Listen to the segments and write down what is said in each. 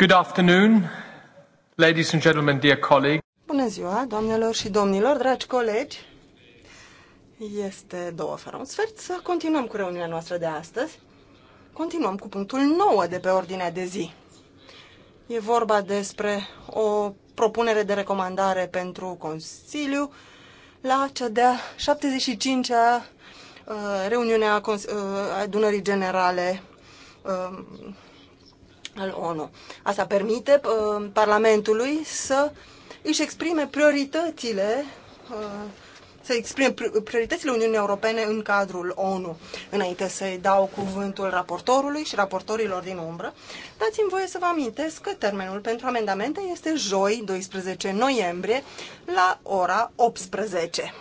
Good afternoon, ladies and gentlemen, dear colleagues. Bună ziua, doamnelor și domnilor, dragi colegi. Este două fără un sfert să continuăm cu reuniunea noastră de astăzi. Continuăm cu punctul 9 de pe ordinea de zi. E vorba despre o propunere de recomandare pentru Consiliu la cea de-a 75-a uh, reuniunea uh, Adunării Generale um, al ONU. Asta permite uh, Parlamentului să își exprime prioritățile uh, să exprime prioritățile Uniunii Europene în cadrul ONU. Înainte să-i dau cuvântul raportorului și raportorilor din umbră, dați-mi voie să vă amintesc că termenul pentru amendamente este joi, 12 noiembrie, la ora 18.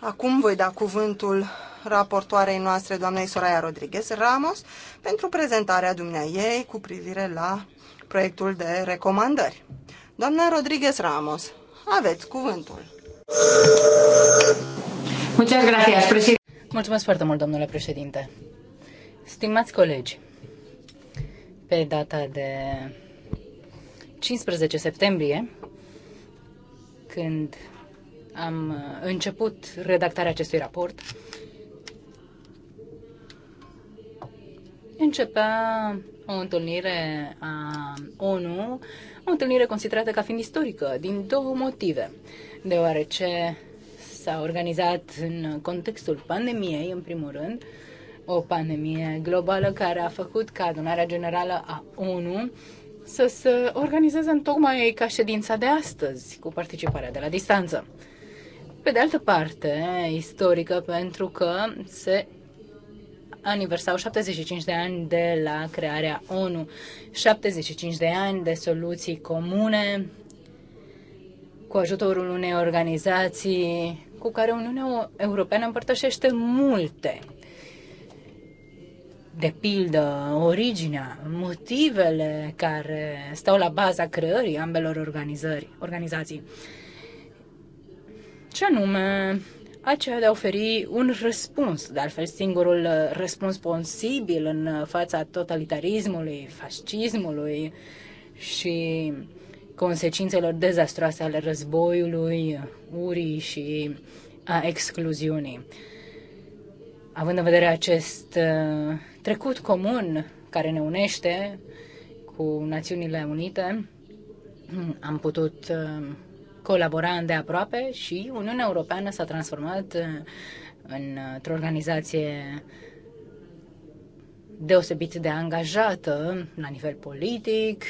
Acum voi da cuvântul raportoarei noastre, doamnei Soraya Rodriguez Ramos, pentru prezentarea ei cu privire la proiectul de recomandări. Doamna Rodriguez Ramos, aveți cuvântul. Mulțumesc foarte mult, domnule președinte. Stimați colegi, pe data de 15 septembrie, când am început redactarea acestui raport, începea o întâlnire a ONU, o întâlnire considerată ca fiind istorică, din două motive. Deoarece s-a organizat în contextul pandemiei, în primul rând, o pandemie globală care a făcut ca adunarea generală a ONU să se organizeze în tocmai ca ședința de astăzi, cu participarea de la distanță. Pe de altă parte, istorică pentru că se aniversau 75 de ani de la crearea ONU, 75 de ani de soluții comune cu ajutorul unei organizații cu care Uniunea Europeană împărtășește multe. De pildă, originea, motivele care stau la baza creării ambelor organizări, organizații. Ce anume, aceea de a oferi un răspuns, de altfel singurul uh, răspuns posibil în uh, fața totalitarismului, fascismului și consecințelor dezastroase ale războiului, uh, urii și a excluziunii. Având în vedere acest trecut comun care ne unește cu Națiunile Unite, am putut colabora îndeaproape și Uniunea Europeană s-a transformat uh, într-o organizație deosebit de angajată la nivel politic,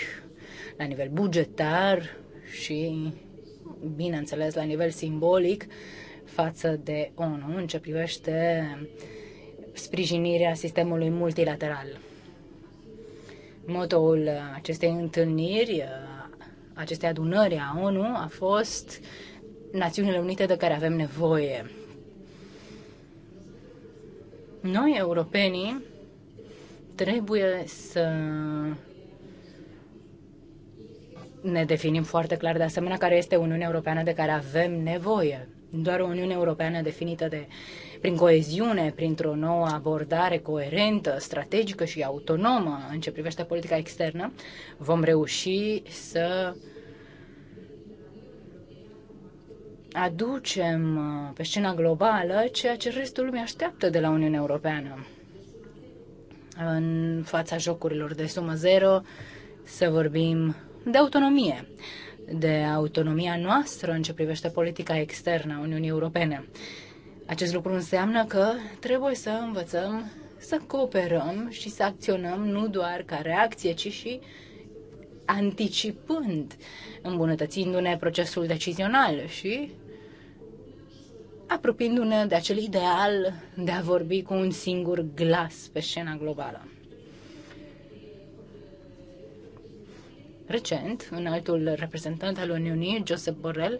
la nivel bugetar și, bineînțeles, la nivel simbolic față de ONU în ce privește sprijinirea sistemului multilateral. Motoul acestei întâlniri uh, acestei adunări a ONU a fost Națiunile Unite de care avem nevoie. Noi, europenii, trebuie să ne definim foarte clar de asemenea care este Uniunea Europeană de care avem nevoie. Doar o Uniune Europeană definită de prin coeziune, printr-o nouă abordare coerentă, strategică și autonomă în ce privește politica externă, vom reuși să aducem uh, pe scena globală ceea ce restul lumii așteaptă de la Uniunea Europeană. În fața jocurilor de sumă zero, să vorbim de autonomie, de autonomia noastră în ce privește politica externă a Uniunii Europene. Acest lucru înseamnă că trebuie să învățăm să cooperăm și să acționăm nu doar ca reacție, ci și anticipând, îmbunătățindu-ne procesul decizional și apropiindu-ne de acel ideal de a vorbi cu un singur glas pe scena globală. Recent, un altul reprezentant al Uniunii, Josep Borrell,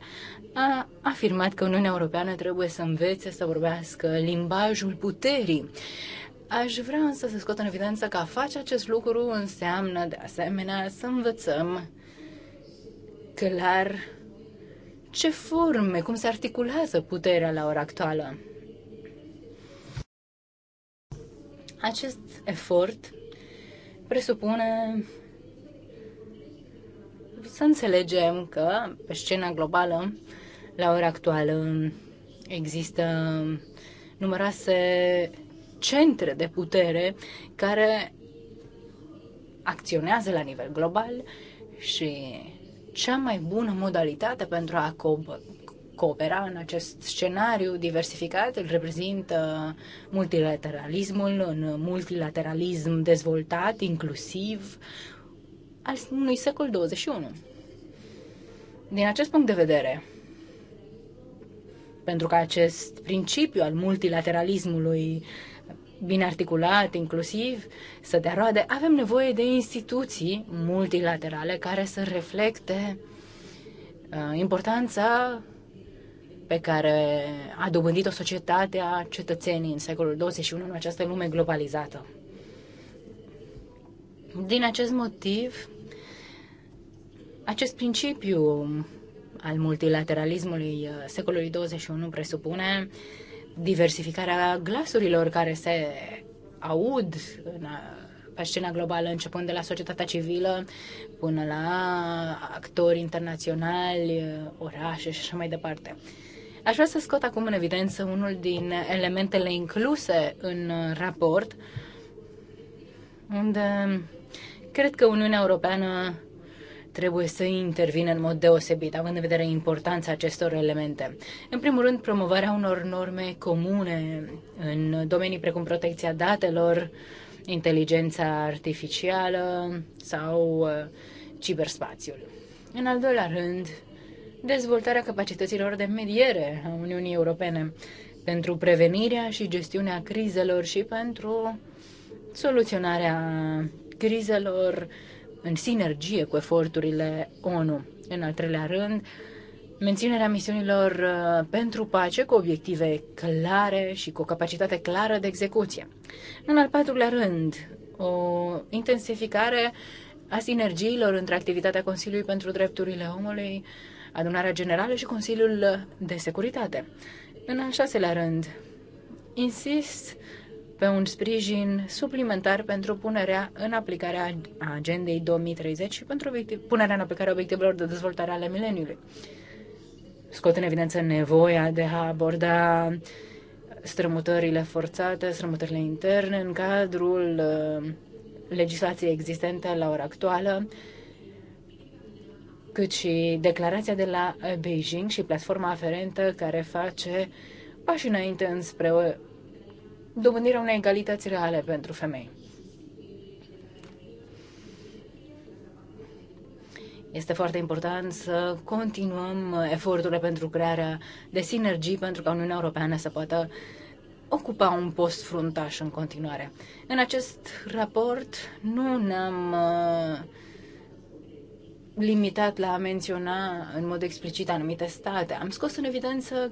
a afirmat că Uniunea Europeană trebuie să învețe să vorbească limbajul puterii. Aș vrea însă să scot în evidență că a face acest lucru înseamnă, de asemenea, să învățăm clar ce forme, cum se articulează puterea la ora actuală. Acest efort presupune să înțelegem că pe scena globală, la ora actuală, există numeroase centre de putere care acționează la nivel global și cea mai bună modalitate pentru a coopera în acest scenariu diversificat îl reprezintă multilateralismul, în multilateralism dezvoltat, inclusiv al unui secol 21. Din acest punct de vedere, pentru că acest principiu al multilateralismului bine articulat, inclusiv, să dea roade, avem nevoie de instituții multilaterale care să reflecte uh, importanța pe care a dobândit-o societatea cetățenii în secolul 21 în această lume globalizată. Din acest motiv, acest principiu al multilateralismului uh, secolului 21 presupune diversificarea glasurilor care se aud în, uh, pe scena globală, începând de la societatea civilă până la actori internaționali, uh, orașe și așa mai departe. Aș vrea să scot acum în evidență unul din elementele incluse în raport, unde cred că Uniunea Europeană trebuie să intervină în mod deosebit, având în vedere importanța acestor elemente. În primul rând, promovarea unor norme comune în domenii precum protecția datelor, inteligența artificială sau uh, ciberspațiul. În al doilea rând, dezvoltarea capacităților de mediere a Uniunii Europene pentru prevenirea și gestiunea crizelor și pentru soluționarea crizelor în sinergie cu eforturile ONU. În al treilea rând, menținerea misiunilor uh, pentru pace cu obiective clare și cu o capacitate clară de execuție. În al patrulea rând, o intensificare a sinergiilor între activitatea Consiliului pentru Drepturile Omului, Adunarea Generală și Consiliul de Securitate. În al șaselea rând, insist pe un sprijin suplimentar pentru punerea în aplicare a agendei 2030 și pentru obiectiv, punerea în aplicare a obiectivelor de dezvoltare ale mileniului. Scot în evidență nevoia de a aborda strămutările forțate, strămutările interne în cadrul uh, legislației existente la ora actuală, cât și declarația de la Beijing și platforma aferentă care face pași înainte înspre dobândirea unei egalități reale pentru femei. Este foarte important să continuăm eforturile pentru crearea de sinergii pentru ca Uniunea Europeană să poată ocupa un post fruntaș în continuare. În acest raport nu ne-am uh, limitat la a menționa în mod explicit anumite state. Am scos în evidență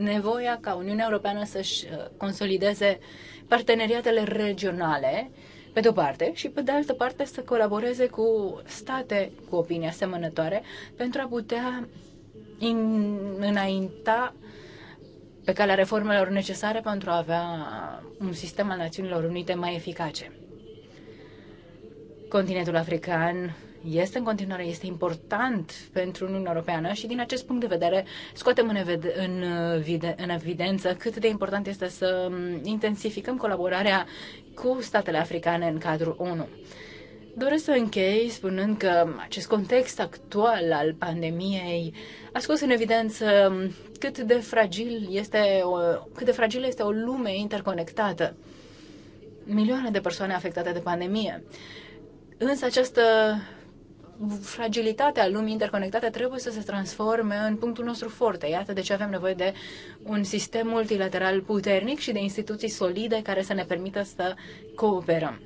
nevoia ca Uniunea Europeană să-și uh, consolideze parteneriatele regionale, pe de-o parte, și pe de altă parte să colaboreze cu state cu opinii asemănătoare pentru a putea in, înainta pe calea reformelor necesare pentru a avea un sistem al Națiunilor Unite mai eficace. Continentul african este în continuare, este important pentru Uniunea Europeană și din acest punct de vedere scoatem în, eved- în, uh, vide- în evidență cât de important este să um, intensificăm colaborarea cu statele africane în cadrul ONU. Doresc să închei spunând că acest context actual al pandemiei a scos în evidență um, cât de fragil este o, cât de fragil este o lume interconectată. Milioane de persoane afectate de pandemie. Însă această fragilitatea lumii interconectate trebuie să se transforme în punctul nostru forte. Iată de ce avem nevoie de un sistem multilateral puternic și de instituții solide care să ne permită să cooperăm.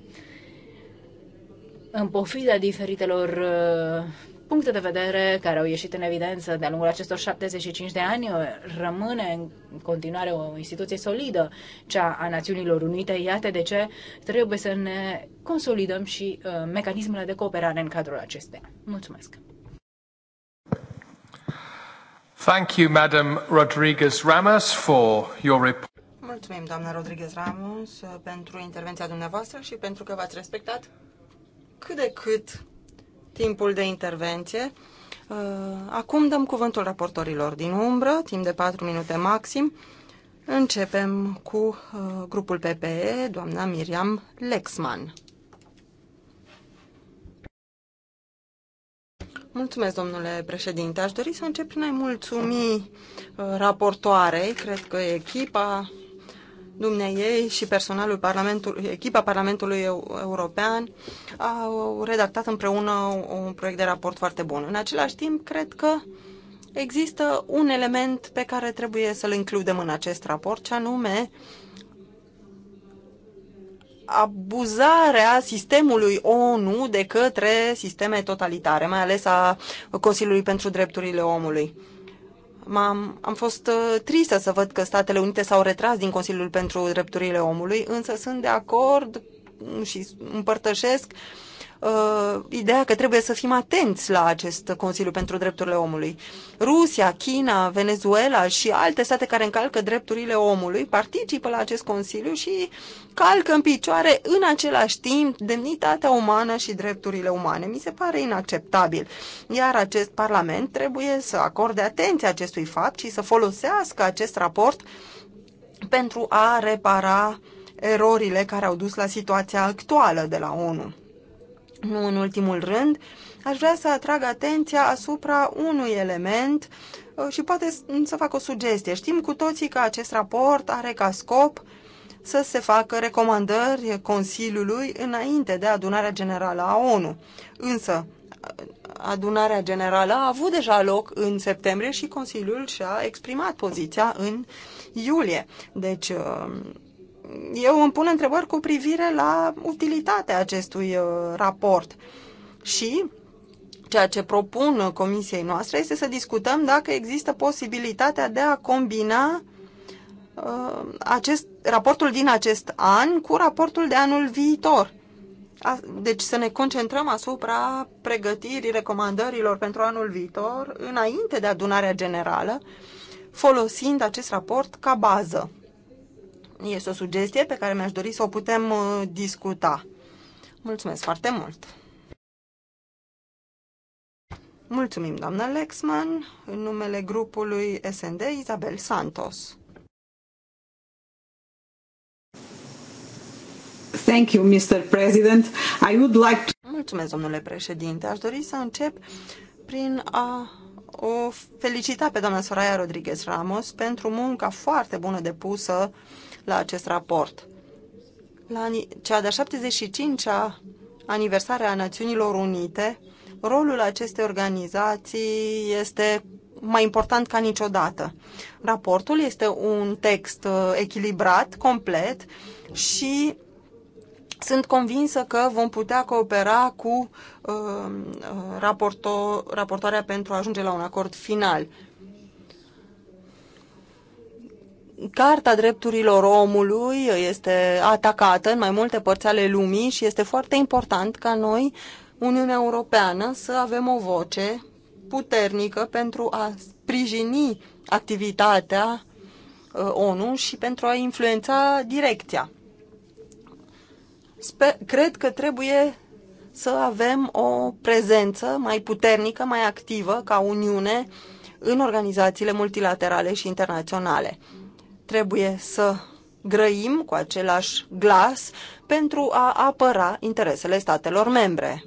În pofida diferitelor uh, puncte de vedere care au ieșit în evidență de-a lungul acestor 75 de ani. Rămâne în continuare o instituție solidă, cea a Națiunilor Unite. Iată de ce trebuie să ne consolidăm și uh, mecanismele de cooperare în cadrul acesteia. Mulțumesc! Thank you, Madam Rodriguez Ramos, for your report. Mulțumim, doamna Rodriguez Ramos, pentru intervenția dumneavoastră și pentru că v-ați respectat cât de cât timpul de intervenție. Uh, acum dăm cuvântul raportorilor din umbră, timp de 4 minute maxim. Începem cu uh, grupul PPE, doamna Miriam Lexman. Mulțumesc, domnule președinte. Aș dori să încep prin a-i mulțumi uh, raportoarei, cred că echipa Dumneiei și personalul Parlamentului, echipa Parlamentului European au redactat împreună un proiect de raport foarte bun. În același timp, cred că există un element pe care trebuie să-l includem în acest raport, ce anume abuzarea sistemului ONU de către sisteme totalitare, mai ales a Consiliului pentru Drepturile Omului am am fost uh, tristă să văd că Statele Unite s-au retras din Consiliul pentru Drepturile Omului, însă sunt de acord și împărtășesc uh, uh, ideea că trebuie să fim atenți la acest Consiliu pentru Drepturile Omului. Rusia, China, Venezuela și alte state care încalcă drepturile omului participă la acest Consiliu și calcă în picioare în același timp demnitatea umană și drepturile umane. Mi se pare inacceptabil. Iar acest Parlament trebuie să acorde atenție acestui fapt și să folosească acest raport pentru a repara erorile care au dus la situația actuală de la ONU. Nu în ultimul rând, aș vrea să atrag atenția asupra unui element uh, și poate să fac o sugestie. Știm cu toții că acest raport are ca scop să se facă recomandări Consiliului înainte de adunarea generală a ONU. Însă, uh, adunarea generală a avut deja loc în septembrie și Consiliul și-a exprimat poziția în iulie. Deci, uh, eu îmi pun întrebări cu privire la utilitatea acestui uh, raport. Și ceea ce propun comisiei noastre este să discutăm dacă există posibilitatea de a combina uh, acest, raportul din acest an cu raportul de anul viitor. Deci să ne concentrăm asupra pregătirii recomandărilor pentru anul viitor înainte de adunarea generală, folosind acest raport ca bază. Este o sugestie pe care mi-aș dori să o putem uh, discuta. Mulțumesc foarte mult! Mulțumim, doamna Lexman, în numele grupului SND Isabel Santos. Thank you, Mr. President. I would like to... Mulțumesc, domnule președinte. Aș dori să încep prin a o felicita pe doamna Soraya Rodriguez Ramos pentru munca foarte bună depusă uh, la acest raport. La cea de-a 75-a aniversare a Națiunilor Unite, rolul acestei organizații este mai important ca niciodată. Raportul este un text uh, echilibrat, complet și sunt convinsă că vom putea coopera cu uh, uh raporto, raportoarea pentru a ajunge la un acord final. Carta drepturilor omului este atacată în mai multe părți ale lumii și este foarte important ca noi, Uniunea Europeană, să avem o voce puternică pentru a sprijini activitatea uh, ONU și pentru a influența direcția. Sper, cred că trebuie să avem o prezență mai puternică, mai activă ca Uniune în organizațiile multilaterale și internaționale. Trebuie să grăim cu același glas pentru a apăra interesele statelor membre.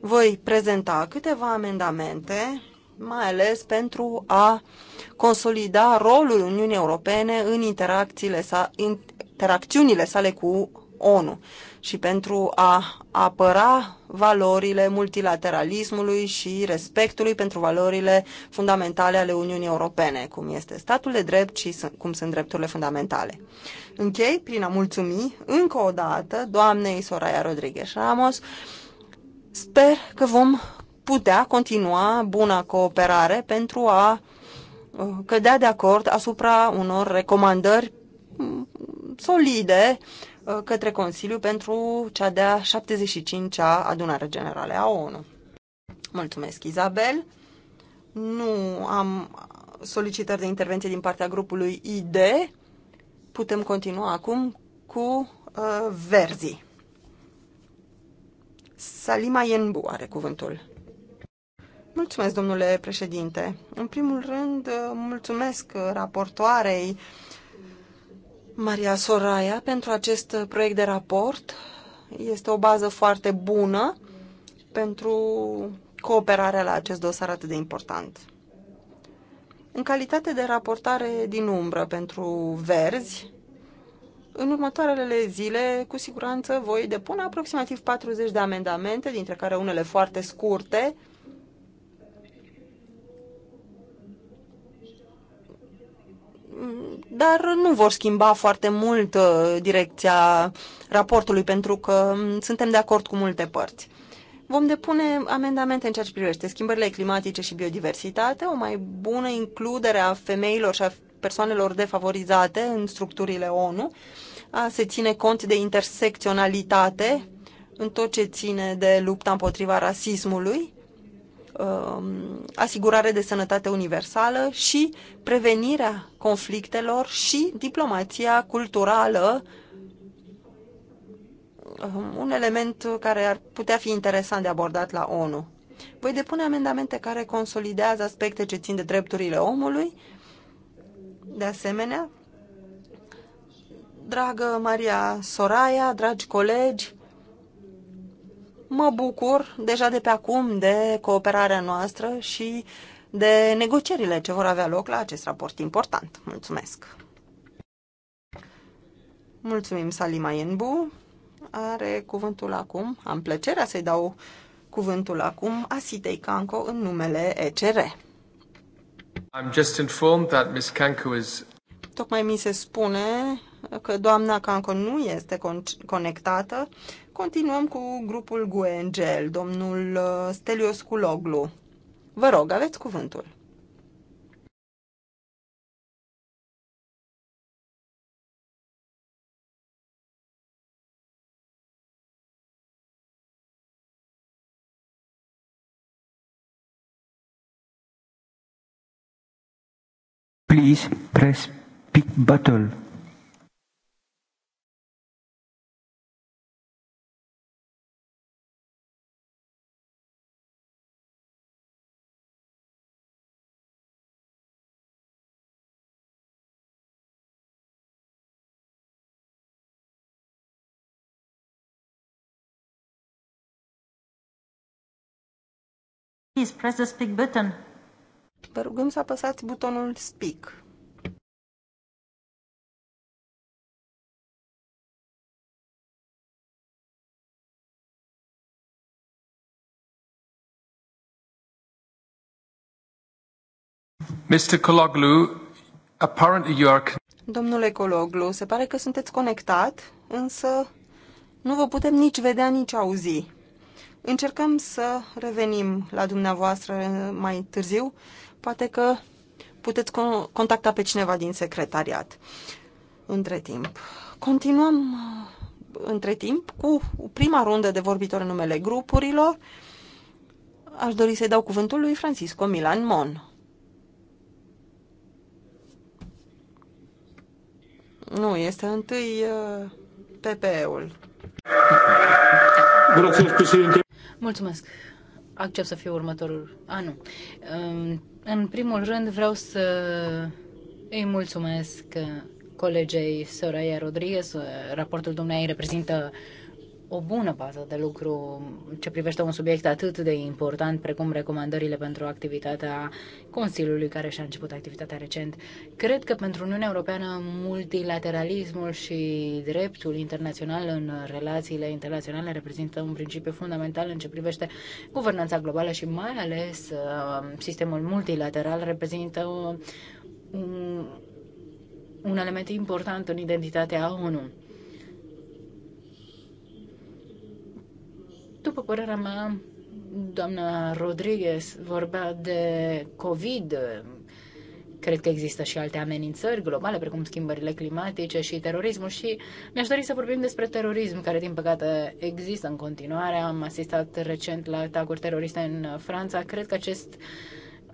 Voi prezenta câteva amendamente, mai ales pentru a consolida rolul Uniunii Europene în interacțiile sa, interacțiunile sale cu ONU și pentru a apăra valorile multilateralismului și respectului pentru valorile fundamentale ale Uniunii Europene, cum este statul de drept și cum sunt drepturile fundamentale. Închei prin a mulțumi încă o dată doamnei Soraya Rodriguez Ramos. Sper că vom putea continua buna cooperare pentru a uh, cădea de acord asupra unor recomandări mm, solide Uh, către Consiliu pentru cea de-a 75-a adunare generală a ONU. Mulțumesc, Izabel. Nu am solicitări de intervenție din partea grupului ID. Putem continua acum cu uh, Verzi. Salima Yenbu are cuvântul. Mulțumesc, domnule președinte. În primul rând, uh, mulțumesc uh, raportoarei Maria Soraya pentru acest proiect de raport. Este o bază foarte bună pentru cooperarea la acest dosar atât de important. În calitate de raportare din umbră pentru verzi, în următoarele zile, cu siguranță, voi depune aproximativ 40 de amendamente, dintre care unele foarte scurte, dar nu vor schimba foarte mult uh, direcția raportului, pentru că mm, suntem de acord cu multe părți. Vom depune amendamente în ceea ce privește schimbările climatice și biodiversitate, o mai bună includere a femeilor și a persoanelor defavorizate în structurile ONU, a se ține cont de intersecționalitate în tot ce ține de lupta împotriva rasismului, Um, asigurare de sănătate universală și prevenirea conflictelor și diplomația culturală, um, un element care ar putea fi interesant de abordat la ONU. Voi depune amendamente care consolidează aspecte ce țin de drepturile omului. De asemenea, dragă Maria Soraya, dragi colegi, Mă bucur deja de pe acum de cooperarea noastră și de negocierile ce vor avea loc la acest raport important. Mulțumesc! Mulțumim, Salima Ienbu. Are cuvântul acum, am plăcerea să-i dau cuvântul acum, Asitei Kanko în numele ECR. I'm just informed that Ms. Kanko is... Tocmai mi se spune că doamna Kanko nu este con- conectată Continuăm cu grupul Guengel, domnul uh, Stelios Culoglu. Vă rog, aveți cuvântul. Please press pick button. please press the speak button. Vă rugăm să apăsați butonul speak. Mr. Kologlu, apparently you are... Domnule Cologlu, se pare că sunteți conectat, însă nu vă putem nici vedea, nici auzi. Încercăm să revenim la dumneavoastră mai târziu. Poate că puteți contacta pe cineva din secretariat între timp. Continuăm uh, între timp cu prima rundă de vorbitori în numele grupurilor. Aș dori să-i dau cuvântul lui Francisco Milan Mon. Nu, este întâi uh, PPE-ul. Grazie, președinte. Mulțumesc. Accept să fiu următorul. A, nu. În primul rând vreau să îi mulțumesc colegei Soraya Rodriguez. Raportul dumneai reprezintă o bună bază de lucru ce privește un subiect atât de important precum recomandările pentru activitatea Consiliului care și-a început activitatea recent. Cred că pentru Uniunea Europeană multilateralismul și dreptul internațional în relațiile internaționale reprezintă un principiu fundamental în ce privește guvernanța globală și mai ales um, sistemul multilateral reprezintă un, un element important în identitatea ONU După părerea mea, doamna Rodriguez vorbea de COVID, cred că există și alte amenințări globale, precum schimbările climatice și terorismul și mi-aș dori să vorbim despre terorism, care din păcate există în continuare. Am asistat recent la atacuri teroriste în Franța. Cred că acest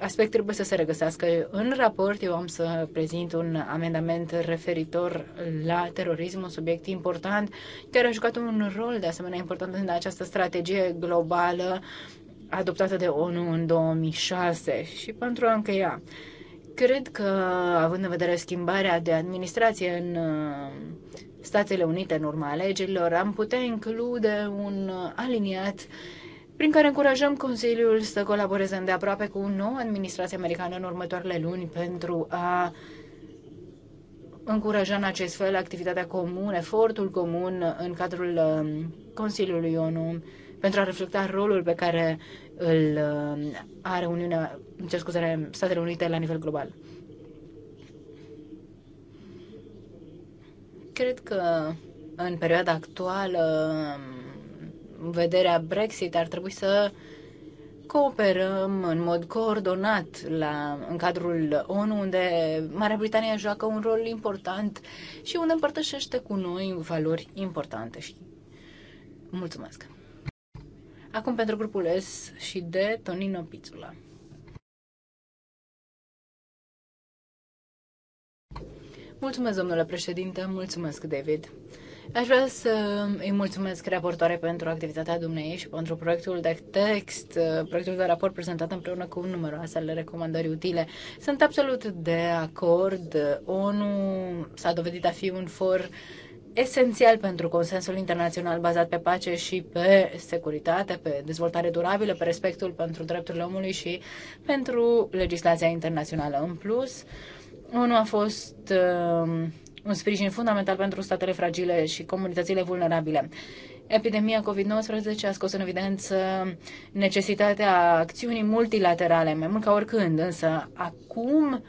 aspect trebuie să se regăsească în raport. Eu am să prezint un amendament referitor la terorism, un subiect important, care a jucat un rol de asemenea important în această strategie globală adoptată de ONU în 2006. Și pentru a încheia, cred că, având în vedere schimbarea de administrație în uh, Statele Unite în urma alegerilor, am putea include un uh, aliniat uh, prin care încurajăm Consiliul să colaboreze îndeaproape cu noua administrație americană în următoarele luni pentru a încuraja în acest fel activitatea comună, efortul comun în cadrul um, Consiliului ONU pentru a reflecta rolul pe care îl um, are Uniunea, ce scuze, Statele Unite la nivel global. Cred că în perioada actuală um, vederea Brexit, ar trebui să cooperăm în mod coordonat la, în cadrul ONU, unde Marea Britanie joacă un rol important și unde împărtășește cu noi valori importante. Și mulțumesc! Acum pentru grupul S și D, Tonino Pizula. Mulțumesc, domnule președinte, mulțumesc, David. Aș vrea să îi mulțumesc raportoare pentru activitatea dumneei și pentru proiectul de text, proiectul de raport prezentat împreună cu numeroasele recomandări utile. Sunt absolut de acord. ONU s-a dovedit a fi un for esențial pentru consensul internațional bazat pe pace și pe securitate, pe dezvoltare durabilă, pe respectul pentru drepturile omului și pentru legislația internațională. În plus, ONU a fost uh, un sprijin fundamental pentru statele fragile și comunitățile vulnerabile. Epidemia COVID-19 a scos în evidență necesitatea acțiunii multilaterale, mai mult ca oricând, însă acum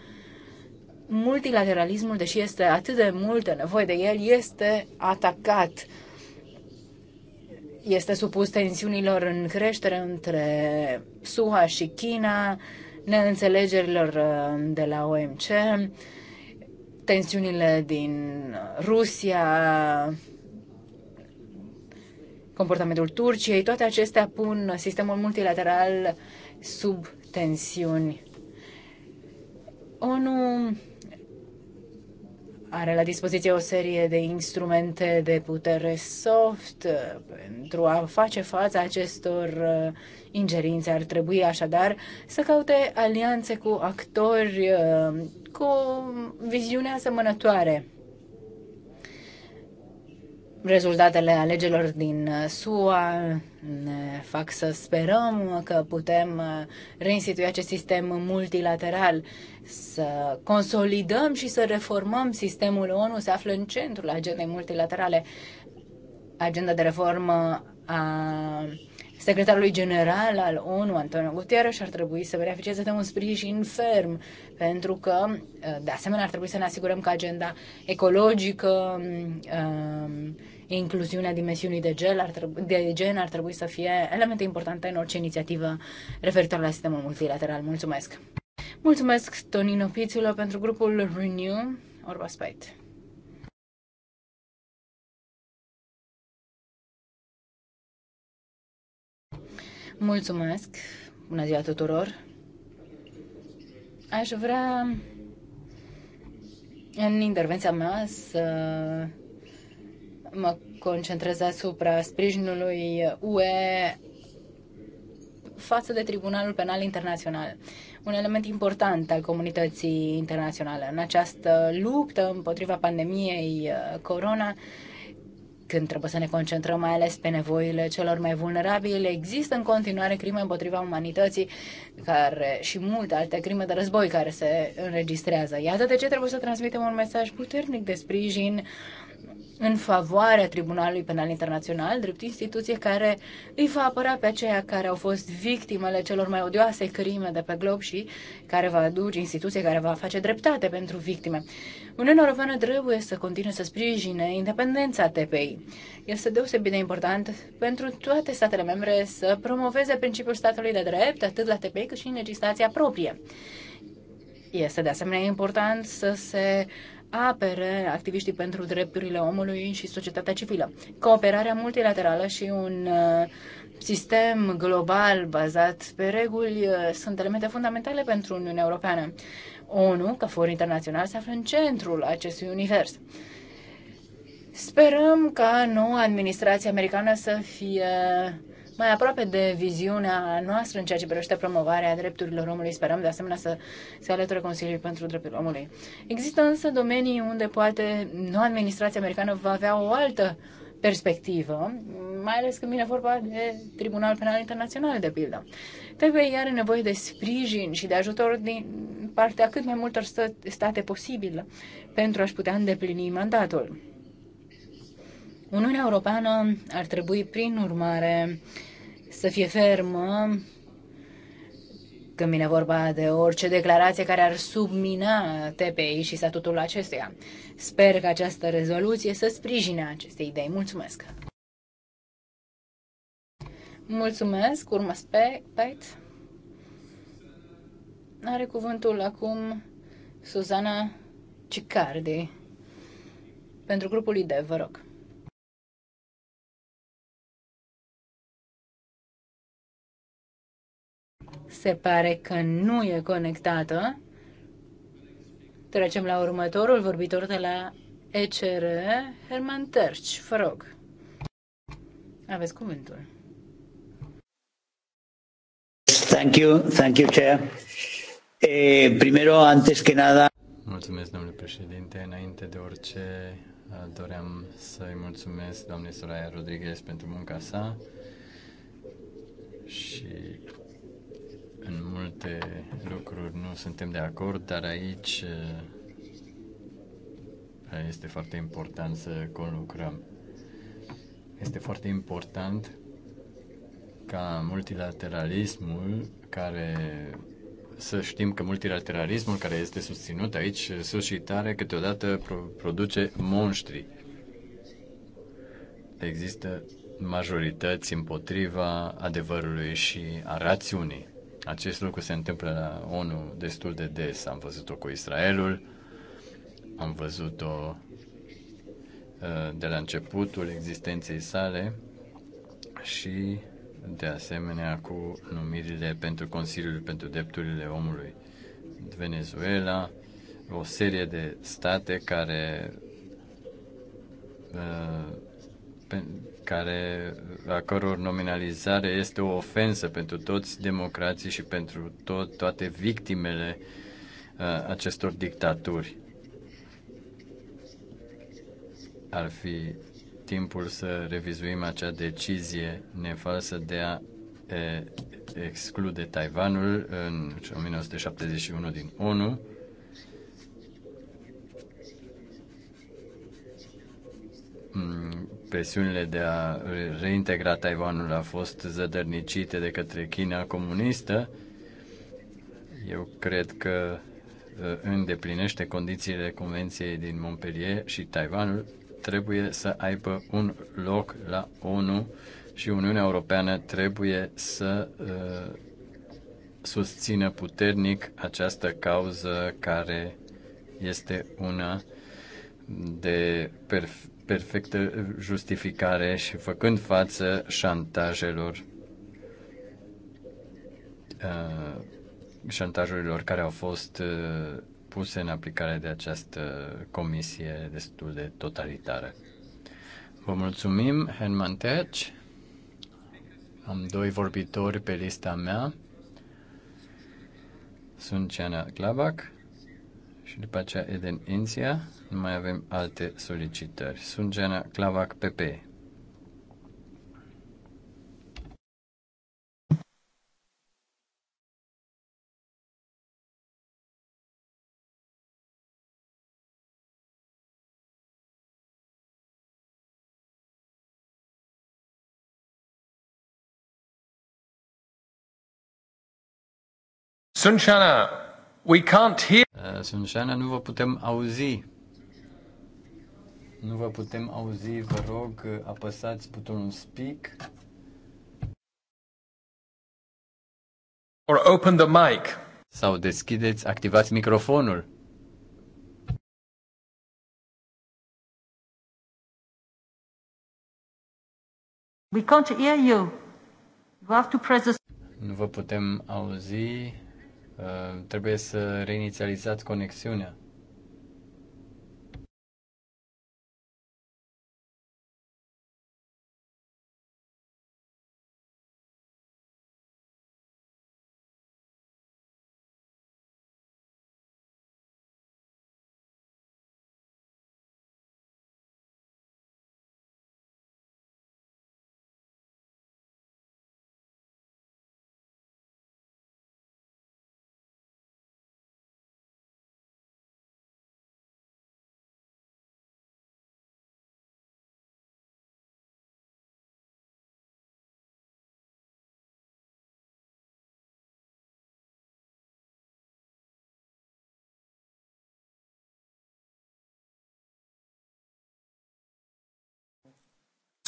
multilateralismul, deși este atât de multă nevoie de el, este atacat. Este supus tensiunilor în creștere între SUA și China, neînțelegerilor uh, de la OMC, tensiunile din Rusia, comportamentul Turciei, toate acestea pun sistemul multilateral sub tensiuni. ONU are la dispoziție o serie de instrumente de putere soft uh, pentru a face față acestor uh, ingerințe. Ar trebui așadar să caute alianțe cu actori uh, cu o viziune asemănătoare. Rezultatele alegerilor din uh, SUA ne fac să sperăm că putem uh, reinstitui acest sistem multilateral, să consolidăm și să reformăm sistemul ONU, se află în centrul agendei multilaterale. Agenda de reformă a secretarului general al ONU, Antonio Guterres, ar trebui să beneficieze de un sprijin ferm, pentru că, uh, de asemenea, ar trebui să ne asigurăm că agenda ecologică, um, um, incluziunea dimensiunii de, gel ar trebui, de gen ar trebui să fie elemente importante în orice inițiativă referitoare la sistemul multilateral. Mulțumesc! Mulțumesc, Tonino Pițulă, pentru grupul Renew. Orba Spite. Mulțumesc! Bună ziua tuturor! Aș vrea în intervenția mea să mă concentrez asupra sprijinului UE față de Tribunalul Penal Internațional. Un element important al comunității internaționale. În această luptă împotriva pandemiei uh, corona, când trebuie să ne concentrăm mai ales pe nevoile celor mai vulnerabile. există în continuare crime împotriva umanității care, și multe alte crime de război care se înregistrează. Iată de ce trebuie să transmitem un mesaj puternic de sprijin uh, în favoarea Tribunalului Penal Internațional, drept instituție care îi va apăra pe aceia care au fost victimele celor mai odioase crime de pe glob și care va aduce instituție care va face dreptate pentru victime. Uniunea Europeană trebuie să continue să sprijine independența TPI. Este deosebit de important pentru toate statele membre să promoveze principiul statului de drept, atât la TPI cât și în legislația proprie. Este de asemenea important să se apere activiștii pentru drepturile omului și societatea civilă. Cooperarea multilaterală și un uh, sistem global bazat pe reguli uh, sunt elemente fundamentale pentru Uniunea Europeană. ONU, ca for internațional, se află în centrul acestui univers. Sperăm ca noua administrație americană să fie mai aproape de viziunea noastră în ceea ce privește promovarea drepturilor omului. Sperăm de asemenea să se alăture Consiliului pentru Drepturile Omului. Există însă domenii unde poate noua administrație americană va avea o altă perspectivă, mai ales când vine vorba de Tribunal Penal Internațional, de pildă. trebuie iar nevoie de sprijin și de ajutor din partea cât mai multor state posibil pentru a-și putea îndeplini mandatul. Uniunea Europeană ar trebui, prin urmare, să fie fermă când vine vorba de orice declarație care ar submina TPI și statutul acesteia. Sper că această rezoluție să sprijine aceste idei. Mulțumesc! Mulțumesc, urmă Pet. Are cuvântul acum Susana Cicardi pentru grupul ID, vă rog. se pare că nu e conectată. Trecem la următorul vorbitor de la ECR, Herman Terci. Vă rog. Aveți cuvântul. Thank you, thank you, Chair. Eh, primero, antes que nada... Mulțumesc, domnule președinte. Înainte de orice, doream să-i mulțumesc doamnei Soraya Rodriguez pentru munca sa și în multe lucruri nu suntem de acord, dar eh, aici este foarte important să conlucrăm. Este foarte important ca multilateralismul care să știm că multilateralismul care este susținut aici sus și tare câteodată produce monștri. Există majorități împotriva adevărului și a rațiunii. Acest lucru se întâmplă la ONU destul de des. Am văzut-o cu Israelul, am văzut-o uh, de la începutul existenței sale și de asemenea cu numirile pentru Consiliul pentru Drepturile Omului Venezuela, o serie de state care uh, care, a căror nominalizare este o ofensă pentru toți democrații și pentru tot, toate victimele uh, acestor dictaturi. Ar fi timpul să revizuim acea decizie nefalsă de a e, exclude Taiwanul în 1971 din ONU. Mm, presiunile de a reintegra Taiwanul a fost zădărnicite de către China comunistă, eu cred că uh, îndeplinește condițiile Convenției din Montpellier și Taiwanul trebuie să aibă un loc la ONU și Uniunea Europeană trebuie să uh, susțină puternic această cauză care este una de perf- perfectă justificare și făcând față șantajelor uh, șantajurilor care au fost uh, puse în aplicare de această comisie destul de totalitară. Vă mulțumim, Herman Terci. Am doi vorbitori pe lista mea. Sunt Ceana Glabac. Și după aceea Eden Inția, nu mai avem alte solicitări. Sunt Jana Clavac PP. Shana We can't hear. Uh, sunt Șana, nu vă putem auzi. Nu vă putem auzi, vă rog, uh, apăsați butonul speak. Or open the mic. Sau deschideți, activați microfonul. We can't hear you. You have to press the... Nu vă putem auzi. Uh, trebuie să reinițializați conexiunea.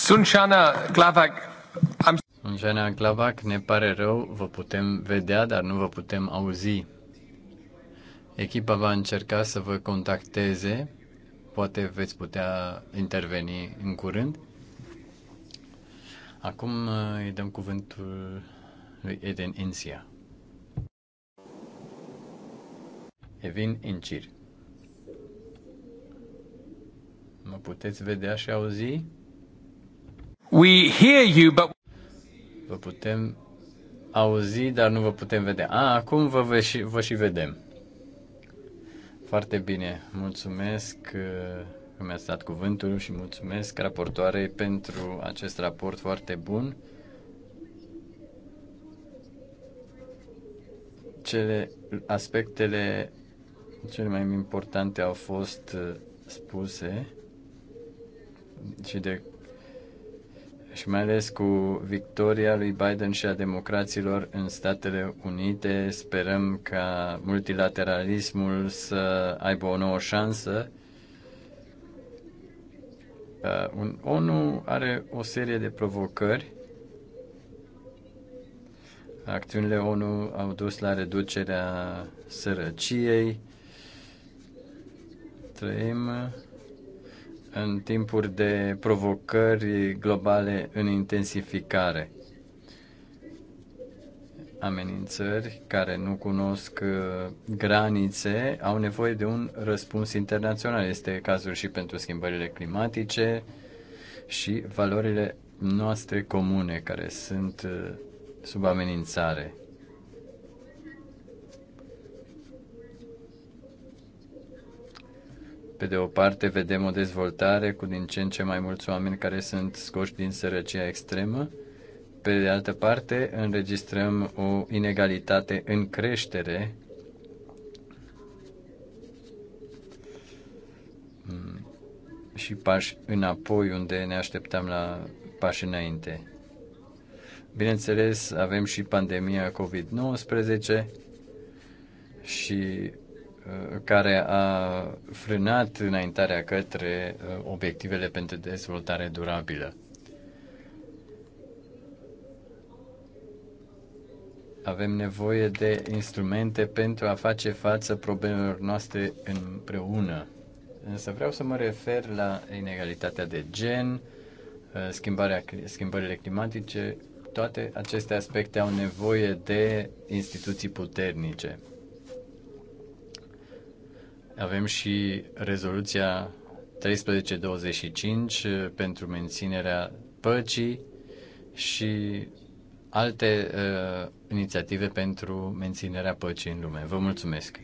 Sunșana Glavak, am... Sunșana Clavac, ne pare rău, vă putem vedea, dar nu vă putem auzi. Echipa va încerca să vă contacteze, poate veți putea interveni în curând. Acum uh, îi dăm cuvântul lui Eden Insia. Evin Incir. Mă puteți vedea și auzi? We hear you, but... Vă putem auzi, dar nu vă putem vedea. A, acum vă, vă, și, vă și vedem. Foarte bine. Mulțumesc uh, că mi-ați dat cuvântul și mulțumesc raportoarei pentru acest raport foarte bun. Cele aspectele cele mai importante au fost uh, spuse și de și mai ales cu victoria lui Biden și a democraților în Statele Unite, sperăm ca multilateralismul să aibă o nouă șansă. Uh, un ONU are o serie de provocări. Acțiunile ONU au dus la reducerea sărăciei. Trăim în timpuri de provocări globale în intensificare. Amenințări care nu cunosc uh, granițe au nevoie de un răspuns internațional. Este cazul și pentru schimbările climatice și valorile noastre comune care sunt uh, sub amenințare. Pe de o parte, vedem o dezvoltare cu din ce în ce mai mulți oameni care sunt scoși din sărăcia extremă. Pe de altă parte, înregistrăm o inegalitate în creștere. Mm. Și pași înapoi unde ne așteptam la pași înainte. Bineînțeles, avem și pandemia COVID-19 și care a frânat înaintarea către uh, obiectivele pentru dezvoltare durabilă. Avem nevoie de instrumente pentru a face față problemelor noastre împreună. Însă vreau să mă refer la inegalitatea de gen, uh, schimbarea, schimbările climatice, toate aceste aspecte au nevoie de instituții puternice. Avem și rezoluția 1325 eh, pentru menținerea păcii și alte uh, inițiative pentru menținerea păcii în lume. Vă mulțumesc!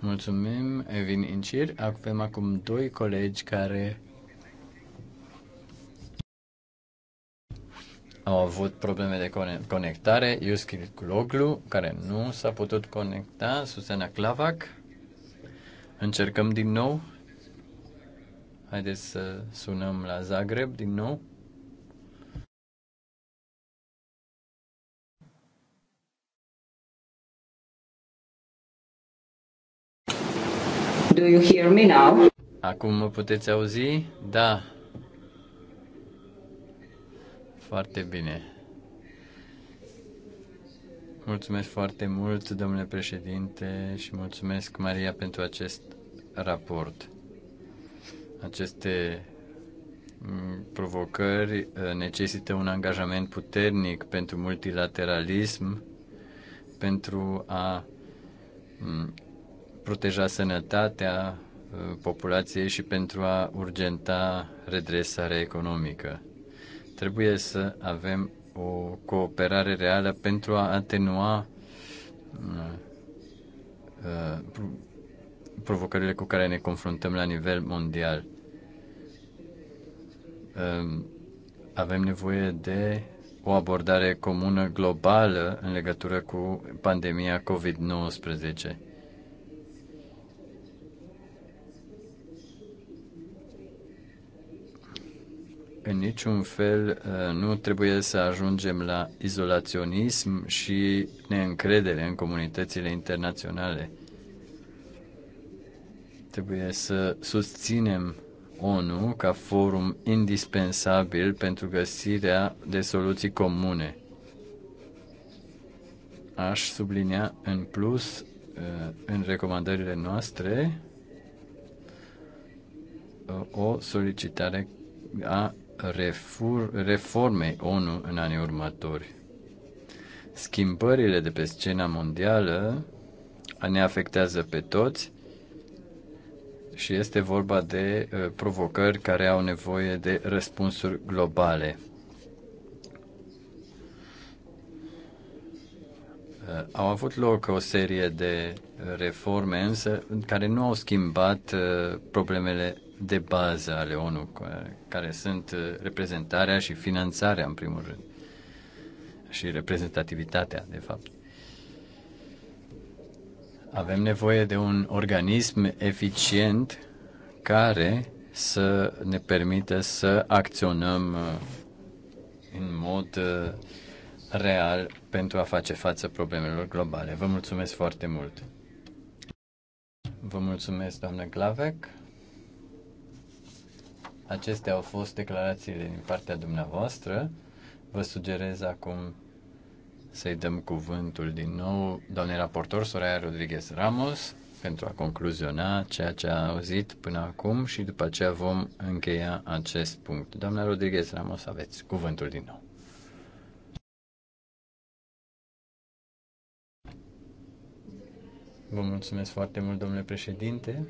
Mulțumim, Evin Incir. Avem acum doi colegi care au avut probleme de conectare. Iuschi Gloglu, care nu s-a putut conecta, Susana Clavac, Încercăm din nou. Haideți să sunăm la Zagreb din nou. Do you hear me now? Acum mă puteți auzi? Da. Foarte bine. Mulțumesc foarte mult, domnule președinte, și mulțumesc, Maria, pentru acest raport. Aceste mm, provocări uh, necesită un angajament puternic pentru multilateralism, pentru a mm, proteja sănătatea uh, populației și pentru a urgenta redresarea economică. Trebuie să avem o cooperare reală pentru a atenua uh, uh, provocările cu care ne confruntăm la nivel mondial. Um, avem nevoie de o abordare comună globală în legătură cu pandemia COVID-19. în niciun fel uh, nu trebuie să ajungem la izolaționism și neîncredere în comunitățile internaționale. Trebuie să susținem ONU ca forum indispensabil pentru găsirea de soluții comune. Aș sublinia în plus uh, în recomandările noastre uh, o solicitare a reforme ONU în anii următori. Schimbările de pe scena mondială ne afectează pe toți și este vorba de uh, provocări care au nevoie de răspunsuri globale. Uh, au avut loc o serie de reforme, însă, care nu au schimbat uh, problemele de bază ale ONU, eh, care sunt eh, reprezentarea și finanțarea, în primul rând, și reprezentativitatea, de fapt. Avem nevoie de un organism eficient care să ne permită să acționăm eh, în mod real pentru a face față problemelor globale. Vă mulțumesc foarte mult! Vă mulțumesc, doamnă Glavec! Acestea au fost declarațiile din partea dumneavoastră. Vă sugerez acum să-i dăm cuvântul din nou doamnei raportor Soraya Rodriguez Ramos pentru a concluziona ceea ce a auzit până acum și după aceea vom încheia acest punct. Doamna Rodriguez Ramos, aveți cuvântul din nou. Vă mulțumesc foarte mult, domnule președinte.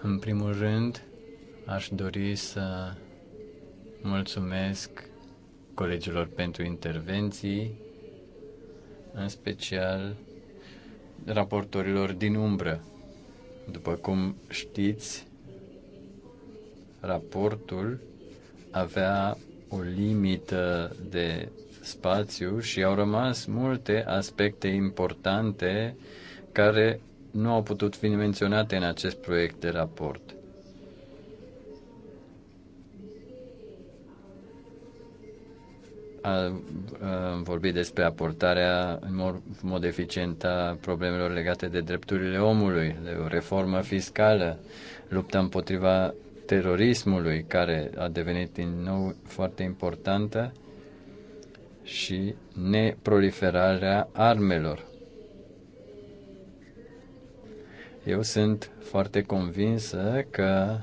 În primul rând, Aș dori să mulțumesc colegilor pentru intervenții, în special raportorilor din umbră. După cum știți, raportul avea o limită de spațiu și au rămas multe aspecte importante care nu au putut fi menționate în acest proiect de raport. a vorbit despre aportarea în mod eficient a problemelor legate de drepturile omului, de o reformă fiscală, lupta împotriva terorismului, care a devenit din nou foarte importantă, și neproliferarea armelor. Eu sunt foarte convinsă că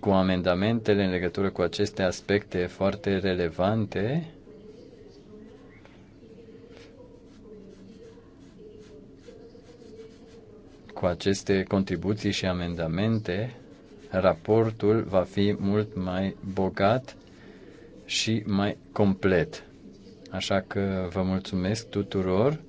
cu amendamentele în legătură cu aceste aspecte foarte relevante. Cu aceste contribuții și amendamente, raportul va fi mult mai bogat și mai complet. Așa că vă mulțumesc tuturor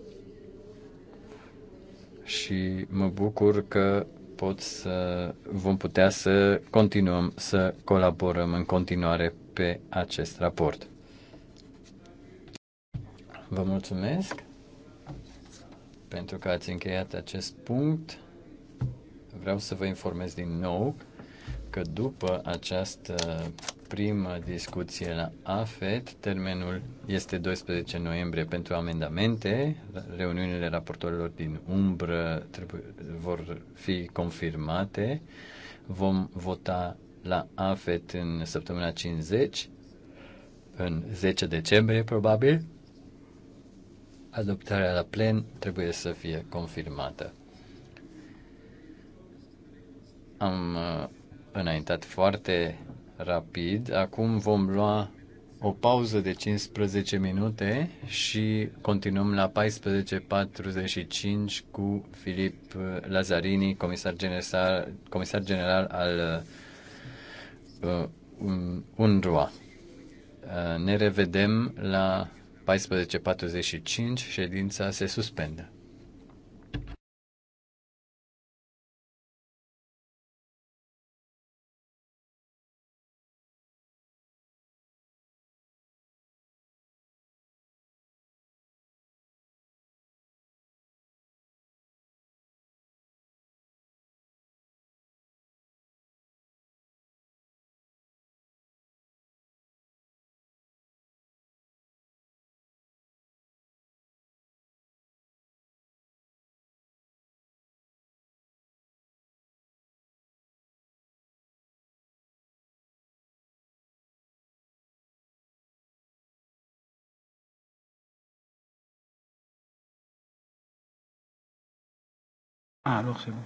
și mă bucur că pot să, vom putea să continuăm să colaborăm în continuare pe acest raport. Vă mulțumesc pentru că ați încheiat acest punct. Vreau să vă informez din nou că după această prima discuție la AFET. Termenul este 12 noiembrie pentru amendamente. Reuniunile raportorilor din umbră trebuie, vor fi confirmate. Vom vota la AFET în săptămâna 50, în 10 decembrie probabil. Adoptarea la plen trebuie să fie confirmată. Am uh, înaintat foarte rapid. Acum vom lua o pauză de 15 minute și continuăm la 14.45 cu Filip Lazarini, comisar general, comisar general al uh, UNRWA. Uh, ne revedem la 14.45, ședința se suspendă. Ah, alors c'est bon.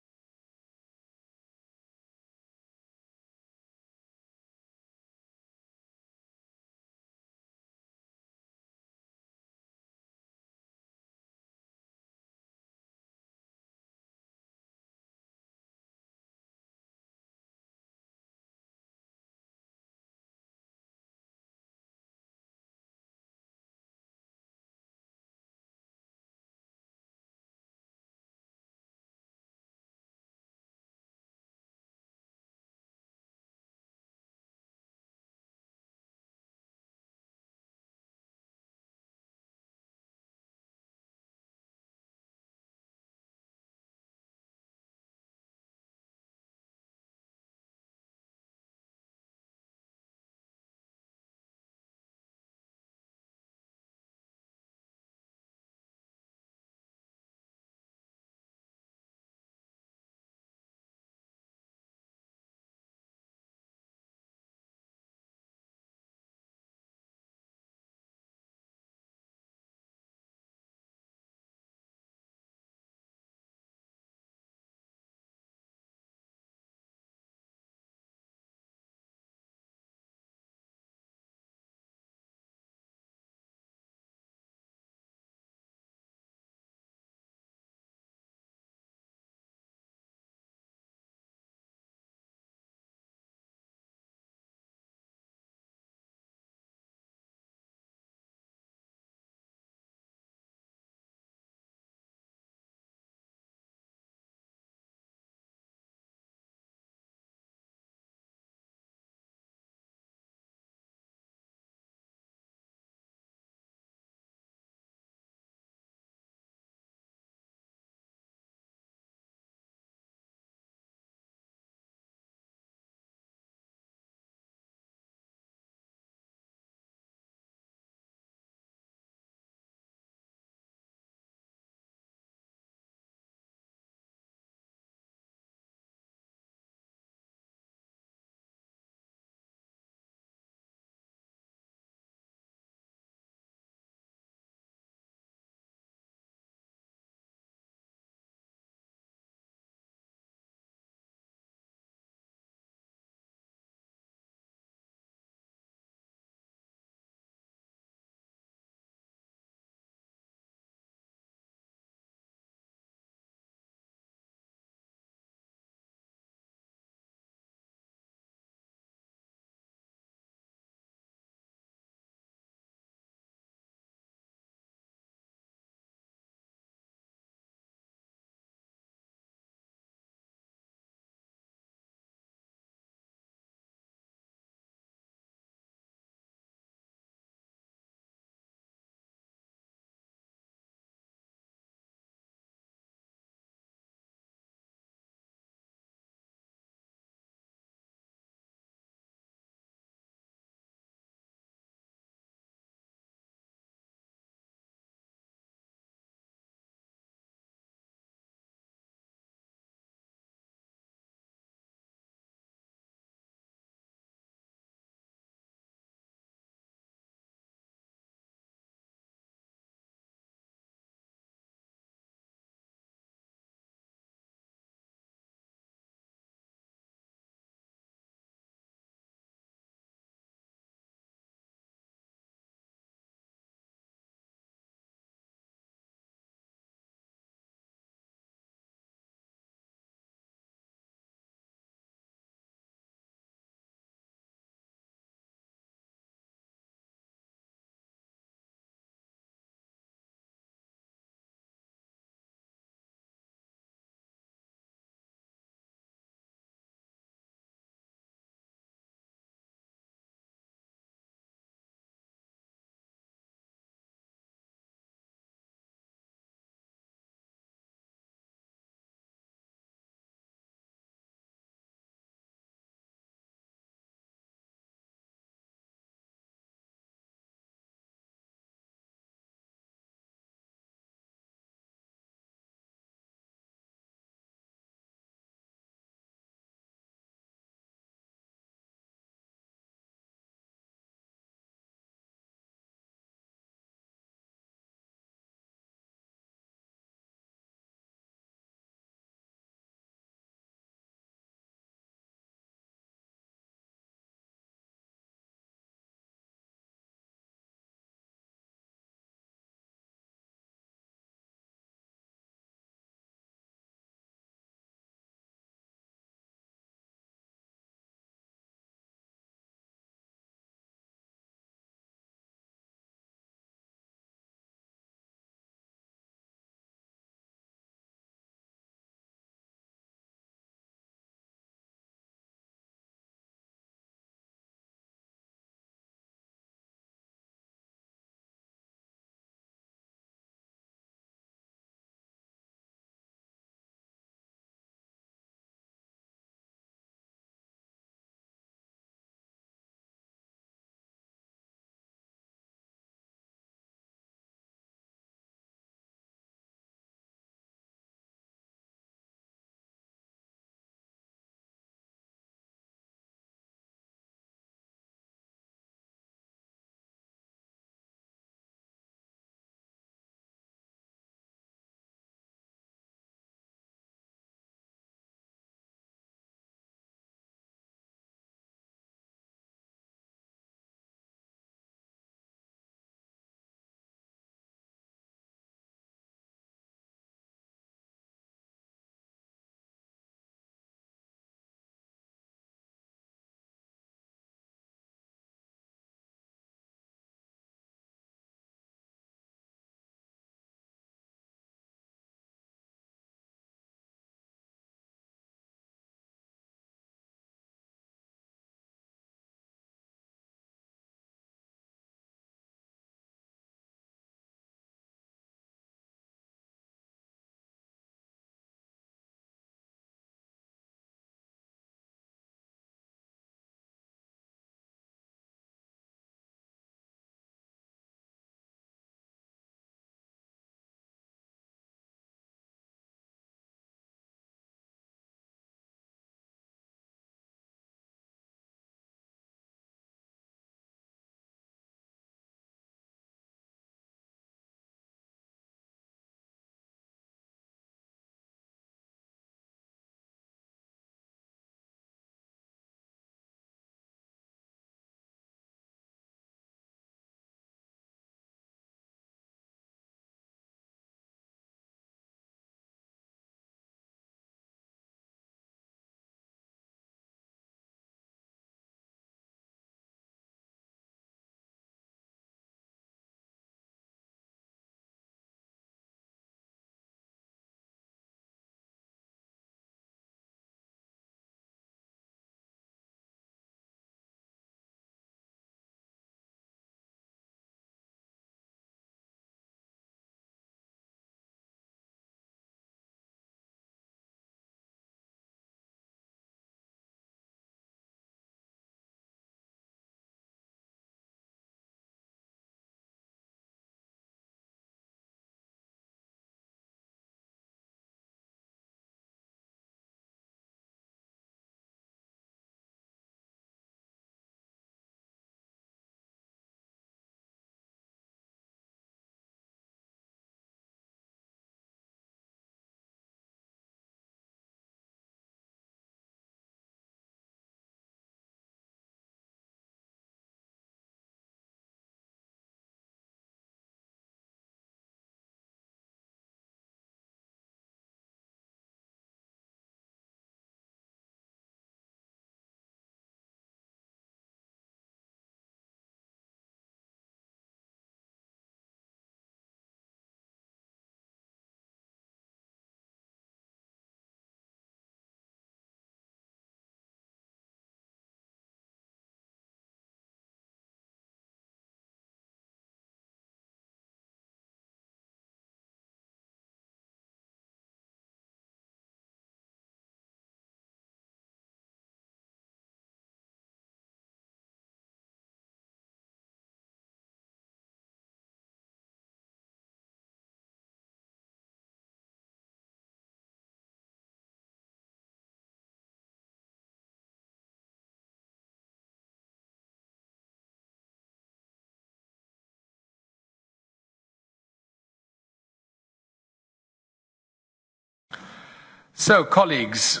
So, colleagues,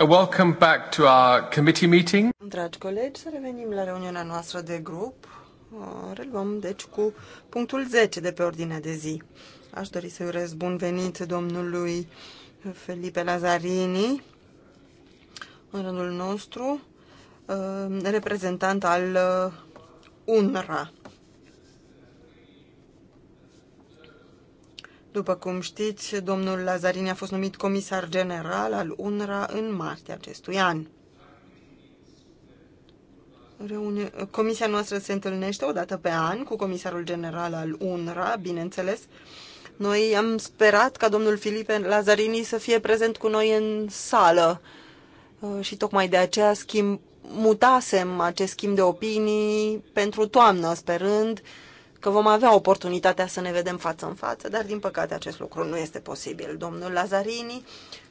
welcome back to our committee meeting. Dragi colegi, să revenim la reuniunea noastră de grup. Reluăm, deci, cu punctul 10 de pe ordinea de zi. Aș dori să-i urez bun venit domnului Felipe Lazarini, în rândul nostru, uh, reprezentant al uh, UNRWA. După cum știți, domnul Lazarini a fost numit comisar general al UNRWA în martie acestui an. Reune... Comisia noastră se întâlnește o dată pe an cu comisarul general al UNRWA, bineînțeles. Noi am sperat ca domnul Filipe Lazarini să fie prezent cu noi în sală uh, și tocmai de aceea schimb, mutasem acest schimb de opinii pentru toamnă, sperând că vom avea oportunitatea să ne vedem față în față, dar din păcate acest lucru nu este posibil. Domnul Lazarini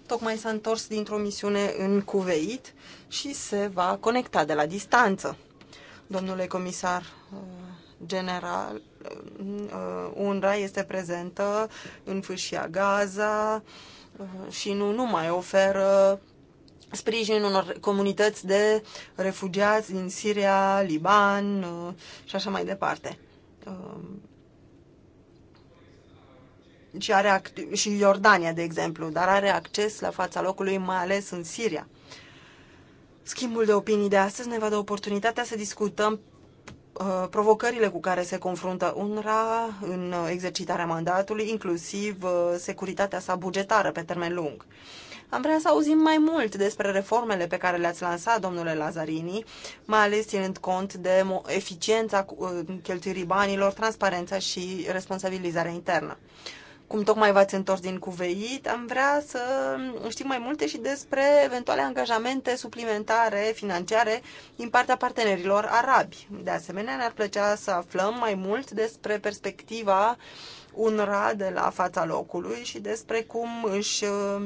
tocmai s-a întors dintr-o misiune în Cuveit și se va conecta de la distanță. Domnule comisar uh, general, uh, uh, UNRWA este prezentă în fâșia Gaza și nu numai oferă sprijin unor comunități de refugiați din Siria, Liban și așa mai departe. Um, și, are și Iordania, de exemplu, dar are acces la fața locului, mai ales în Siria. Schimbul de opinii de astăzi ne va da oportunitatea să discutăm uh, provocările cu care se confruntă UNRWA în uh, exercitarea mandatului, inclusiv uh, securitatea sa bugetară pe termen lung. Am vrea să auzim mai mult despre reformele pe care le-ați lansat, domnule Lazarini, mai ales ținând cont de eficiența uh, cheltuirii banilor, transparența și responsabilizarea internă. Cum tocmai v-ați întors din cuveit, am vrea să știm mai multe și despre eventuale angajamente suplimentare financiare din partea partenerilor arabi. De asemenea, ne-ar plăcea să aflăm mai mult despre perspectiva UNRWA de la fața locului și despre cum își uh,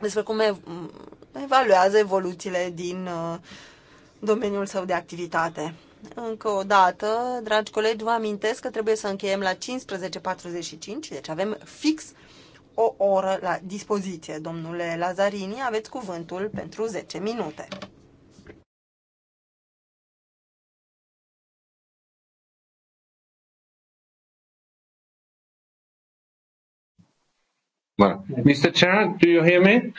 despre cum evaluează evoluțiile din uh, domeniul său de activitate. Încă o dată, dragi colegi, vă amintesc că trebuie să încheiem la 15.45, deci avem fix o oră la dispoziție. Domnule Lazarini, aveți cuvântul pentru 10 minute. Well, Mr. Chair, do you hear me?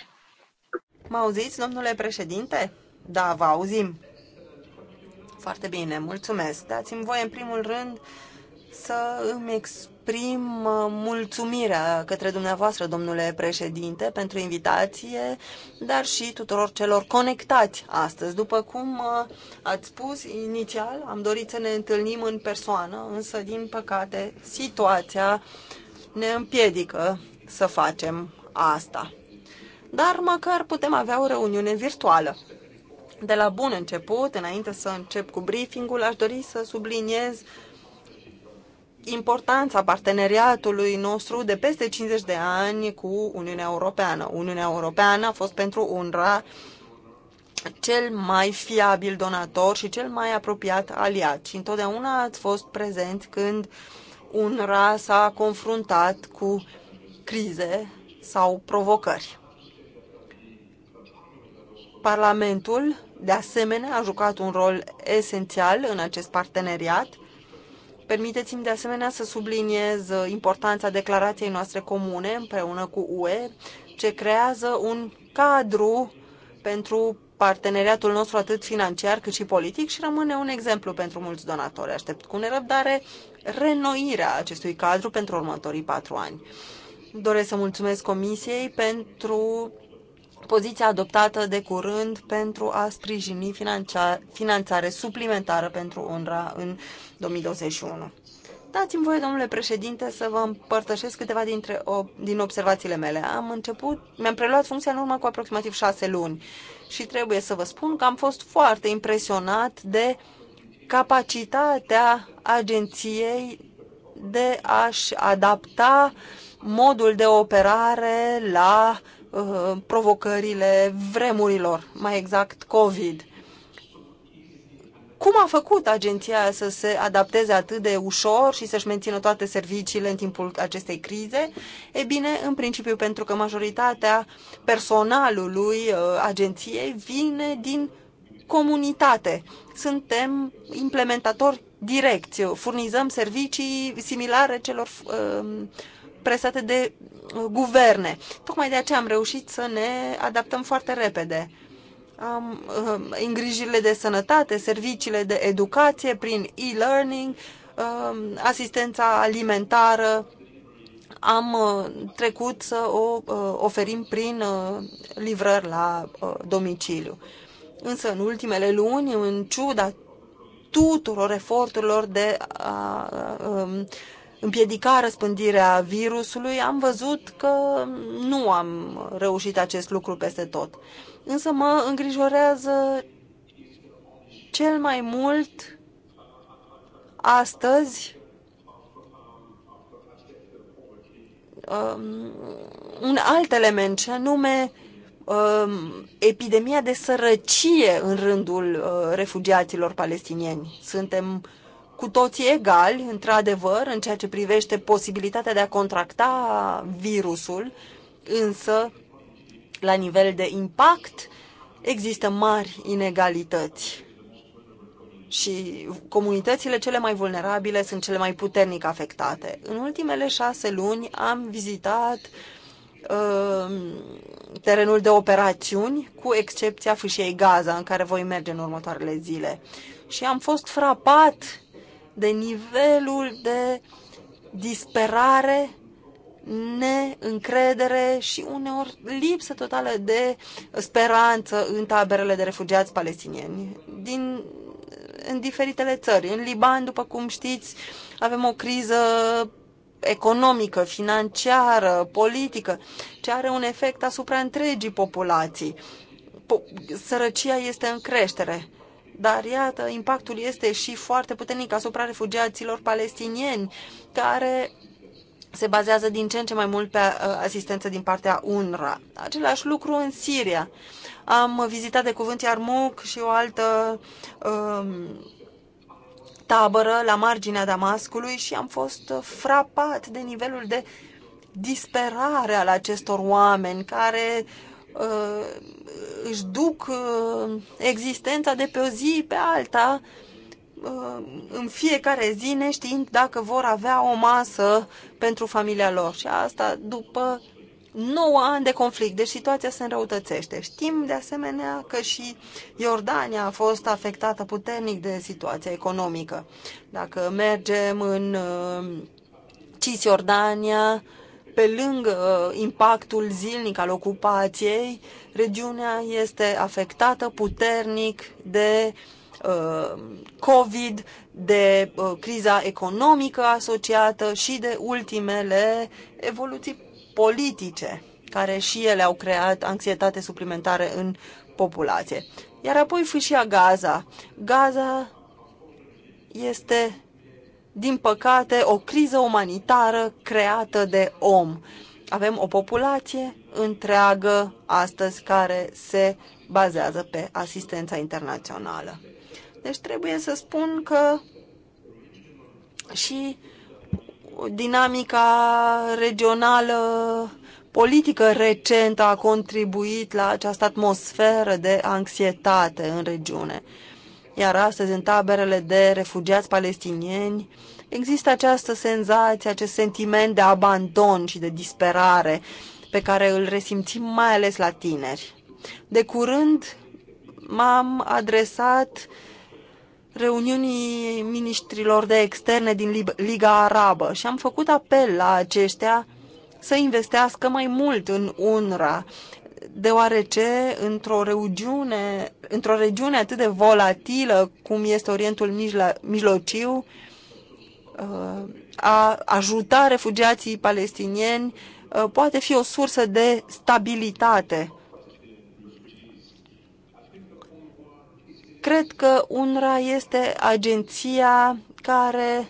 Mă auziți, domnule președinte? Da, vă auzim. Foarte bine, mulțumesc. Dați-mi voie, în primul rând, să îmi exprim mulțumirea către dumneavoastră, domnule președinte, pentru invitație, dar și tuturor celor conectați astăzi. După cum ați spus, inițial am dorit să ne întâlnim în persoană, însă, din păcate, situația ne împiedică să facem asta. Dar măcar putem avea o reuniune virtuală. De la bun început, înainte să încep cu briefingul, aș dori să subliniez importanța parteneriatului nostru de peste 50 de ani cu Uniunea Europeană. Uniunea Europeană a fost pentru UNRWA cel mai fiabil donator și cel mai apropiat aliat. Și întotdeauna ați fost prezent când UNRWA s-a confruntat cu crize sau provocări. Parlamentul, de asemenea, a jucat un rol esențial în acest parteneriat. Permiteți-mi, de asemenea, să subliniez importanța declarației noastre comune împreună cu UE, ce creează un cadru pentru parteneriatul nostru atât financiar cât și politic și rămâne un exemplu pentru mulți donatori. Aștept cu nerăbdare renoirea acestui cadru pentru următorii patru ani. Doresc să mulțumesc Comisiei pentru poziția adoptată de curând pentru a sprijini finanțare suplimentară pentru UNRWA în 2021. Dați-mi voie, domnule președinte, să vă împărtășesc câteva dintre o, din observațiile mele. Am început, mi-am preluat funcția în urmă cu aproximativ șase luni și trebuie să vă spun că am fost foarte impresionat de capacitatea agenției de a-și adapta uh, modul de operare la uh, provocările vremurilor, mai exact COVID. Cum a făcut agenția să se adapteze atât de ușor și să-și mențină toate serviciile în timpul acestei crize? E bine, în principiu pentru că majoritatea personalului uh, agenției vine din comunitate. Suntem implementatori direcți, furnizăm servicii similare celor uh, presate de uh, guverne. Tocmai de aceea am reușit să ne adaptăm foarte repede. Am uh, îngrijirile de sănătate, serviciile de educație prin e-learning, um, asistența alimentară. Am uh, trecut să o oferim prin livrări la domiciliu. Însă în ultimele luni, în ciuda tuturor eforturilor de a, a, a um, împiedica răspândirea virusului, am văzut că nu am reușit acest lucru peste tot. Însă mă îngrijorează cel mai mult astăzi um, un alt element, și anume um, epidemia de sărăcie în rândul uh, refugiaților palestinieni. Suntem cu toții egali, într-adevăr, în ceea ce privește posibilitatea de a contracta virusul, însă, la nivel de impact, există mari inegalități. Și comunitățile cele mai vulnerabile sunt cele mai puternic afectate. În ultimele șase luni am vizitat uh, terenul de operațiuni, cu excepția fâșiei Gaza, în care voi merge în următoarele zile. Și am fost frapat de nivelul de disperare, neîncredere și uneori lipsă totală de speranță în taberele de refugiați palestinieni din, în diferitele țări. În Liban, după cum știți, avem o criză economică, financiară, politică, ce are un efect asupra întregii populații. Po- sărăcia este în creștere dar iată, impactul este și foarte puternic asupra refugiaților palestinieni, care se bazează din ce în ce mai mult pe uh, asistență din partea UNRWA. Același lucru în Siria. Am vizitat de cuvânt Yarmouk și o altă um, tabără la marginea Damascului și am fost frapat de nivelul de disperare al acestor oameni care uh, își duc uh, existența de pe o zi pe alta, uh, în fiecare zi, neștiind dacă vor avea o masă pentru familia lor. Și asta după 9 ani de conflict, deci situația se înrăutățește. Știm de asemenea că și Iordania a fost afectată puternic de situația economică. Dacă mergem în uh, Cisjordania, pe lângă uh, impactul zilnic al ocupației, regiunea este afectată puternic de uh, COVID, de uh, criza economică asociată și de ultimele evoluții politice, care și ele au creat anxietate suplimentară în populație. Iar apoi fâșia Gaza. Gaza este din păcate, o criză umanitară creată de om. Avem o populație întreagă astăzi care se bazează pe asistența internațională. Deci trebuie să spun că și dinamica regională politică recentă a contribuit la această atmosferă de anxietate în regiune. Iar astăzi, în taberele de refugiați palestinieni, există această senzație, acest sentiment de abandon și de disperare pe care îl resimțim mai ales la tineri. De curând m-am adresat reuniunii ministrilor de externe din Liga Arabă și am făcut apel la aceștia să investească mai mult în UNRWA deoarece într-o regiune, într-o regiune atât de volatilă cum este Orientul Mijlociu, uh, a ajuta refugiații palestinieni uh, poate fi o sursă de stabilitate. Cred că UNRWA este agenția care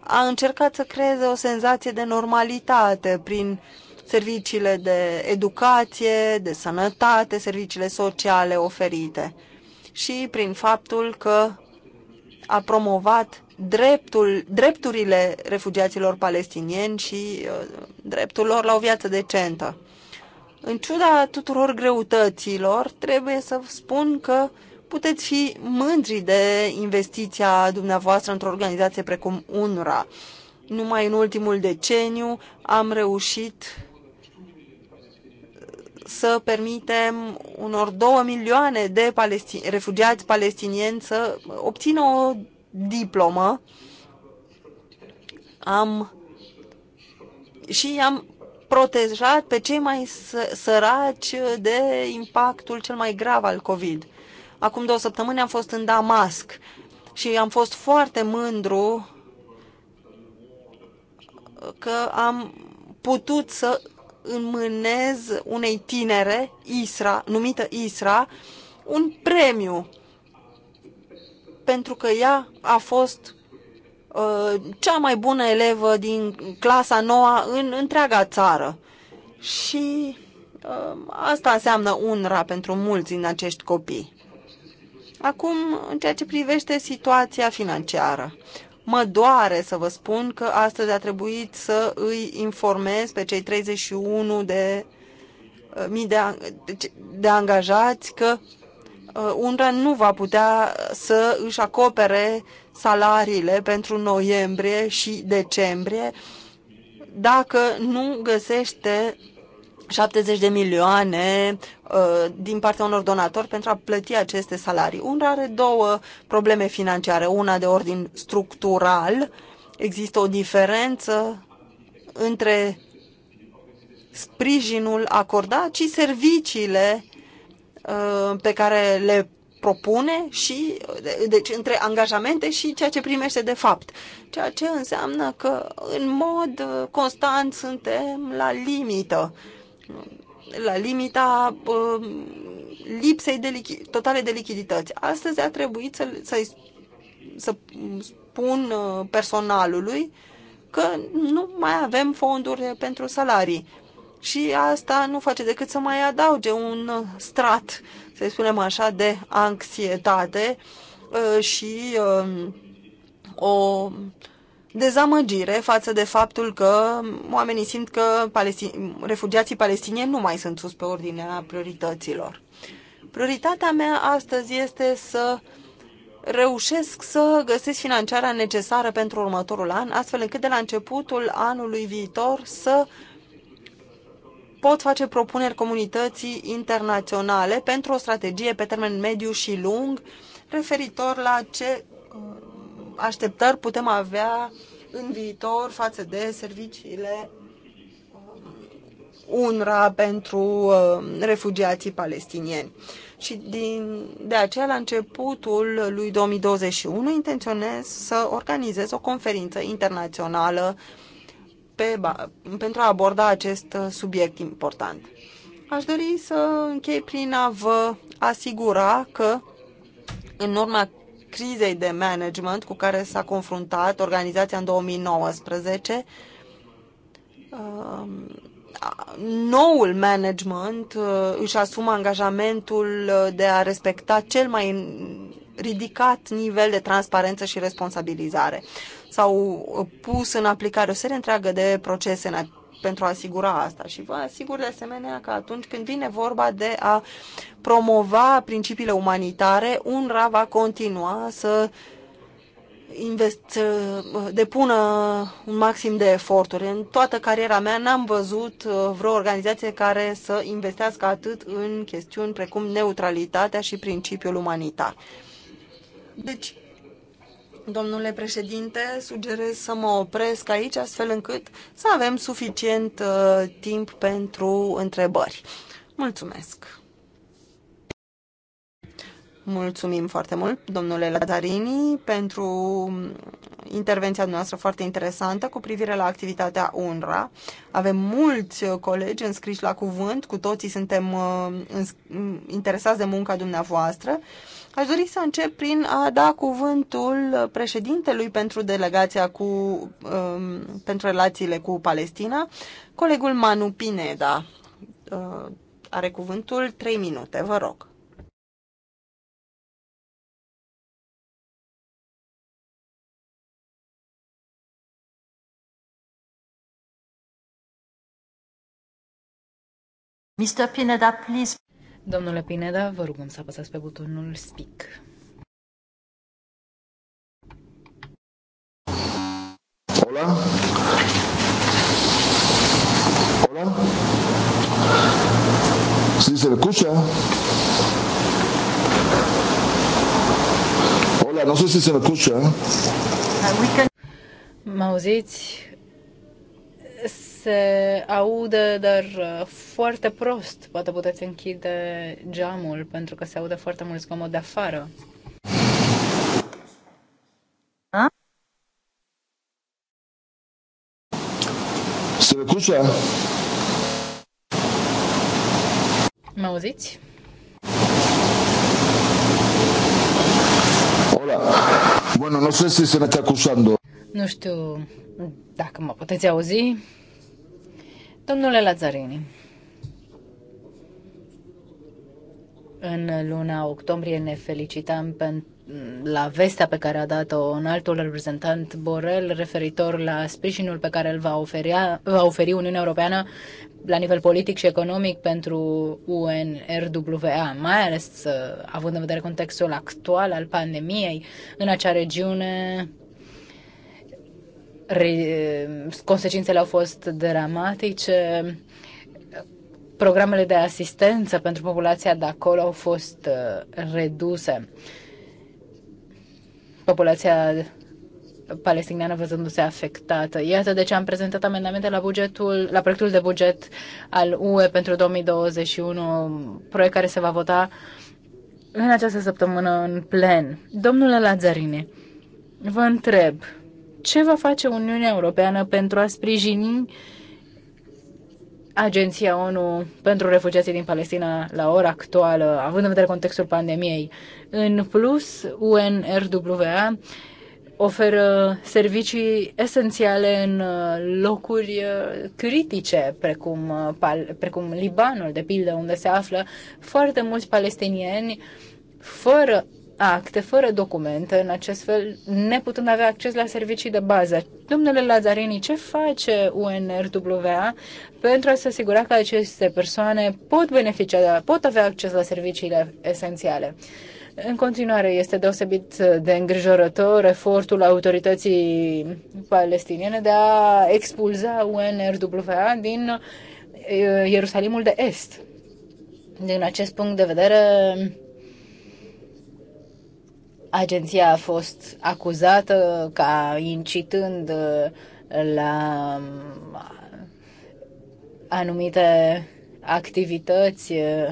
a încercat să creeze o senzație de normalitate prin uh, serviciile de educație, de sănătate, serviciile sociale oferite și prin faptul că a promovat dreptul, drepturile refugiaților palestinieni și uh, dreptul lor la o viață decentă. În ciuda tuturor greutăților, trebuie să spun că puteți fi mândri de investiția dumneavoastră într-o organizație precum UNRWA. Numai în ultimul deceniu am reușit să permitem unor două milioane de palestin, refugiați palestinieni să obțină o diplomă. Am și am protejat pe cei mai săraci de impactul cel mai grav al COVID. Acum două săptămâni am fost în Damasc și am fost foarte mândru că am putut să înmânez unei tinere, Isra, numită Isra, un premiu pentru că ea a fost uh, cea mai bună elevă din clasa noua în întreaga țară. Și uh, asta înseamnă unra pentru mulți din acești copii. Acum, în ceea ce privește situația financiară, Mă doare să vă spun că astăzi a trebuit să îi informez pe cei 31 de uh, mii de, de angajați că uh, UNRWA nu va putea să își acopere salariile pentru noiembrie și decembrie dacă nu găsește 70 de milioane uh, din partea unor donatori pentru a plăti aceste salarii. Unra are două probleme financiare. Una de ordin structural. Există o diferență între sprijinul acordat și serviciile uh, pe care le propune și, uh, deci, între angajamente și ceea ce primește de fapt. Ceea ce înseamnă că, în mod uh, constant, suntem la limită. Uh, la limita uh, lipsei de lichi- totale de lichidități. Astăzi a trebuit să, să, să spun uh, personalului că nu mai avem fonduri pentru salarii. Și asta nu face decât să mai adauge un strat, să spunem așa, de anxietate uh, și um, o dezamăgire față de faptul că oamenii simt că palestin... refugiații palestinieni nu mai sunt sus pe ordinea priorităților. Prioritatea mea astăzi este să reușesc să găsesc financiarea necesară pentru următorul an, astfel încât de la începutul anului viitor să pot face propuneri comunității internaționale pentru o strategie pe termen mediu și lung referitor la ce așteptări putem avea în viitor față de serviciile um, UNRWA pentru um, refugiații palestinieni. Și din, de aceea, la începutul lui 2021, intenționez să organizez o conferință internațională pe, pentru a aborda acest uh, subiect important. Aș dori să închei prin a vă asigura că în urma crizei de management cu care s-a confruntat organizația în 2019. Um, noul management uh, își asumă angajamentul uh, de a respecta cel mai ridicat nivel de transparență și responsabilizare. S-au uh, pus în aplicare o serie întreagă de procese în pentru a asigura asta. Și vă asigur de asemenea că atunci când vine vorba de a promova principiile umanitare, UNRWA va continua să invest, uh, depună un maxim de eforturi. În toată cariera mea n-am văzut uh, vreo organizație care să investească atât în chestiuni precum neutralitatea și principiul umanitar. Deci, Domnule președinte, sugerez să mă opresc aici, astfel încât să avem suficient uh, timp pentru întrebări. Mulțumesc! Mulțumim foarte mult, domnule Lazarini, pentru intervenția noastră foarte interesantă cu privire la activitatea UNRWA. Avem mulți colegi înscriși la cuvânt, cu toții suntem uh, interesați de munca dumneavoastră. Uh, Aș dori să încep prin a da cuvântul președintelui pentru delegația cu, um, pentru relațiile cu Palestina, colegul Manu Pineda. Uh, are cuvântul 3 minute, vă rog. Mr. Pineda, please. Domnule Pineda, vă rugăm să apăsați pe butonul Speak. Hola. Hola. ¿Sí se escucha? Hola, no sé si se me escucha. Mă auziți? se aude, dar uh, foarte prost. Poate puteți închide geamul, pentru că se aude foarte mult zgomot de afară. Da? Se me auziți? Hola. Bueno, no sé si se me está acusando. Nu știu dacă mă puteți auzi. Domnule Lazzarini, în luna octombrie ne felicităm pentru la vestea pe care a dat-o un altul reprezentant Borel referitor la sprijinul pe care îl va oferia, va oferi Uniunea Europeană la nivel politic și economic pentru UNRWA, mai ales uh, având în vedere contextul actual al pandemiei în acea regiune consecințele au fost dramatice. Programele de asistență pentru populația de acolo au fost uh, reduse. Populația palestiniană văzându-se afectată. Iată de ce am prezentat amendamente la bugetul, la proiectul de buget al UE pentru 2021, proiect care se va vota în această săptămână în plen. Domnule Lazzarini, vă întreb, ce va face Uniunea Europeană pentru a sprijini Agenția ONU pentru refugiații din Palestina la ora actuală, având în vedere contextul pandemiei. În plus, UNRWA oferă servicii esențiale în uh, locuri uh, critice, precum, uh, precum Libanul, de pildă, unde se află foarte mulți palestinieni fără acte, fără documente, în acest fel, neputând avea acces la servicii de bază. Domnule Lazarini, ce face UNRWA pentru a se asigura că aceste persoane pot beneficia, pot avea acces la serviciile esențiale? În continuare, este deosebit de îngrijorător efortul autorității palestiniene de a expulza UNRWA din eh, Ierusalimul de Est. Din acest punct de vedere, Agenția a fost acuzată ca incitând uh, la um, anumite activități uh,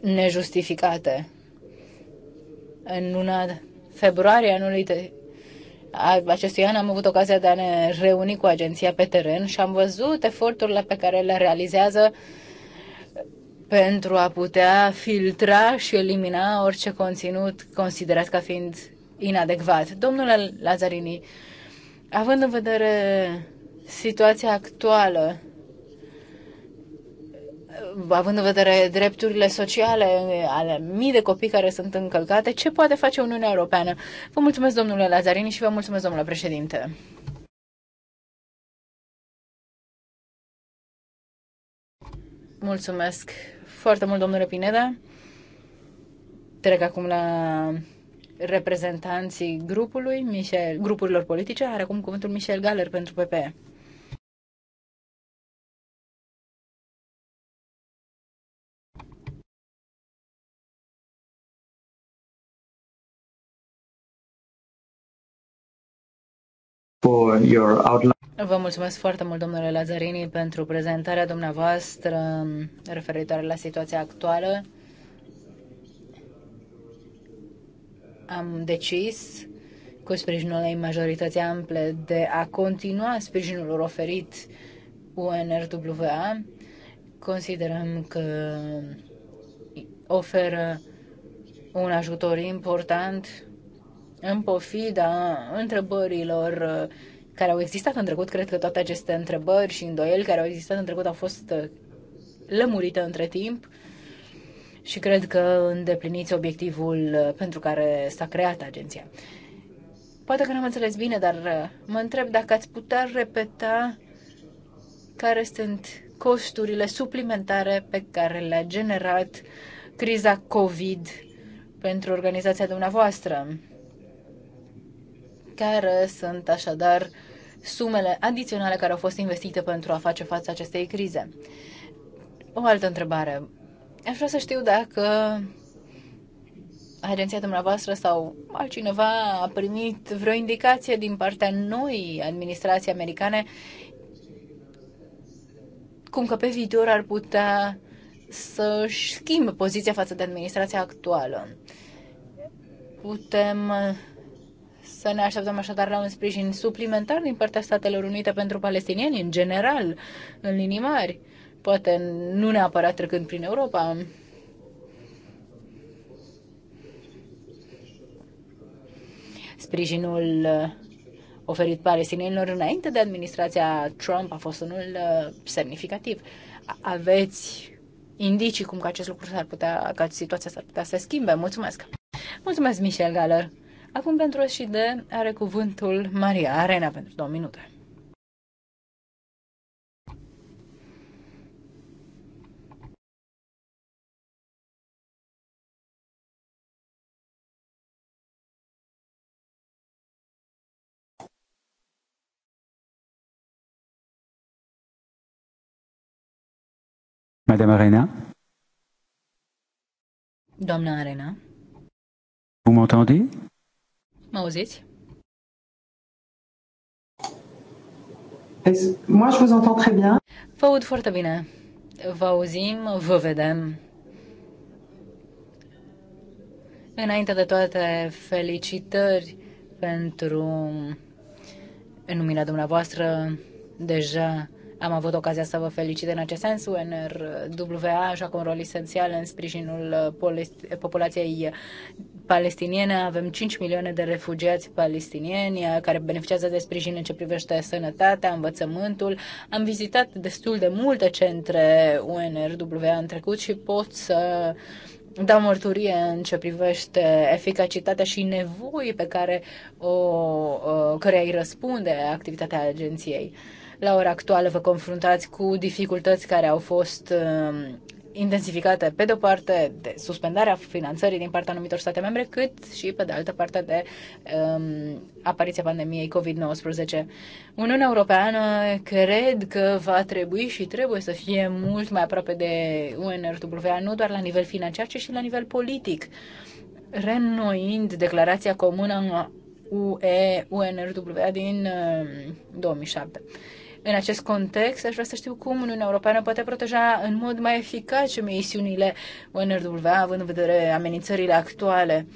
nejustificate. În luna februarie anului de, acestui an am avut ocazia de a ne reuni cu agenția pe teren și am văzut eforturile pe care le realizează uh, pentru a putea filtra și elimina orice conținut considerat ca fiind inadecvat. Domnule Lazarini, având în vedere situația actuală, având în vedere drepturile sociale ale mii de copii care sunt încălcate, ce poate face Uniunea Europeană? Vă mulțumesc, domnule Lazarini, și vă mulțumesc, domnule președinte. Mulțumesc foarte mult, domnule Pineda. Trec acum la reprezentanții grupului, Michel, grupurilor politice. Are acum cuvântul Michel Galer pentru PPE. your outline. Vă mulțumesc foarte mult, domnule Lazarini, pentru prezentarea dumneavoastră referitoare la situația actuală. Am decis, cu sprijinul ei majorității ample, de a continua sprijinul oferit UNRWA. Considerăm că oferă un ajutor important în pofida întrebărilor care au existat în trecut, cred că toate aceste întrebări și îndoieli care au existat în trecut au fost uh, lămurite între timp și cred că îndepliniți obiectivul uh, pentru care s-a creat agenția. Poate că n-am înțeles bine, dar uh, mă întreb dacă ați putea repeta care sunt costurile suplimentare pe care le-a generat criza COVID pentru organizația dumneavoastră. Care sunt așadar sumele adiționale care au fost investite pentru a face față acestei crize. O altă întrebare. Aș vrea să știu dacă agenția dumneavoastră sau altcineva a primit vreo indicație din partea noi administrații americane cum că pe viitor ar putea să schimbe poziția față de administrația actuală. Putem să ne așteptăm așadar la un sprijin suplimentar din partea Statelor Unite pentru palestinieni, în general, în linii mari, poate nu neapărat trecând prin Europa. Sprijinul uh, oferit palestinienilor înainte de administrația Trump a fost unul uh, semnificativ. Aveți indicii cum că acest lucru s-ar putea, că situația s-ar putea să schimbe. Mulțumesc! Mulțumesc, Michel Galer! Acum pentru SID are cuvântul Maria Arena pentru două minute. Madame Arena Doamna Arena Vous m'entendez Mă auziți? Moi, je vous entends très bien. Vă aud foarte bine. Vă auzim, vă vedem. Înainte de toate, felicitări pentru numirea dumneavoastră. Deja am avut ocazia să vă felicit în acest sens. UNRWA joacă un rol esențial în sprijinul uh, populației palestiniene. Avem 5 milioane de refugiați palestinieni uh, care beneficiază de sprijin în ce privește sănătatea, învățământul. Am vizitat destul de multe centre UNRWA în trecut și pot să da mărturie în ce privește eficacitatea și nevoii pe care o, uh, care îi răspunde activitatea agenției. La ora actuală vă confruntați cu dificultăți care au fost um, intensificate, pe de o parte, de suspendarea finanțării din partea anumitor state membre, cât și, pe de altă parte, de um, apariția pandemiei COVID-19. Uniunea Europeană cred că va trebui și trebuie să fie mult mai aproape de UNRWA, nu doar la nivel financiar, ci și la nivel politic, Renoind declarația comună UE-UNRWA din uh, um, 2007. În acest context, aș vrea să știu cum Uniunea Europeană poate proteja în mod mai eficace misiunile UNRW, având în vedere amenințările actuale.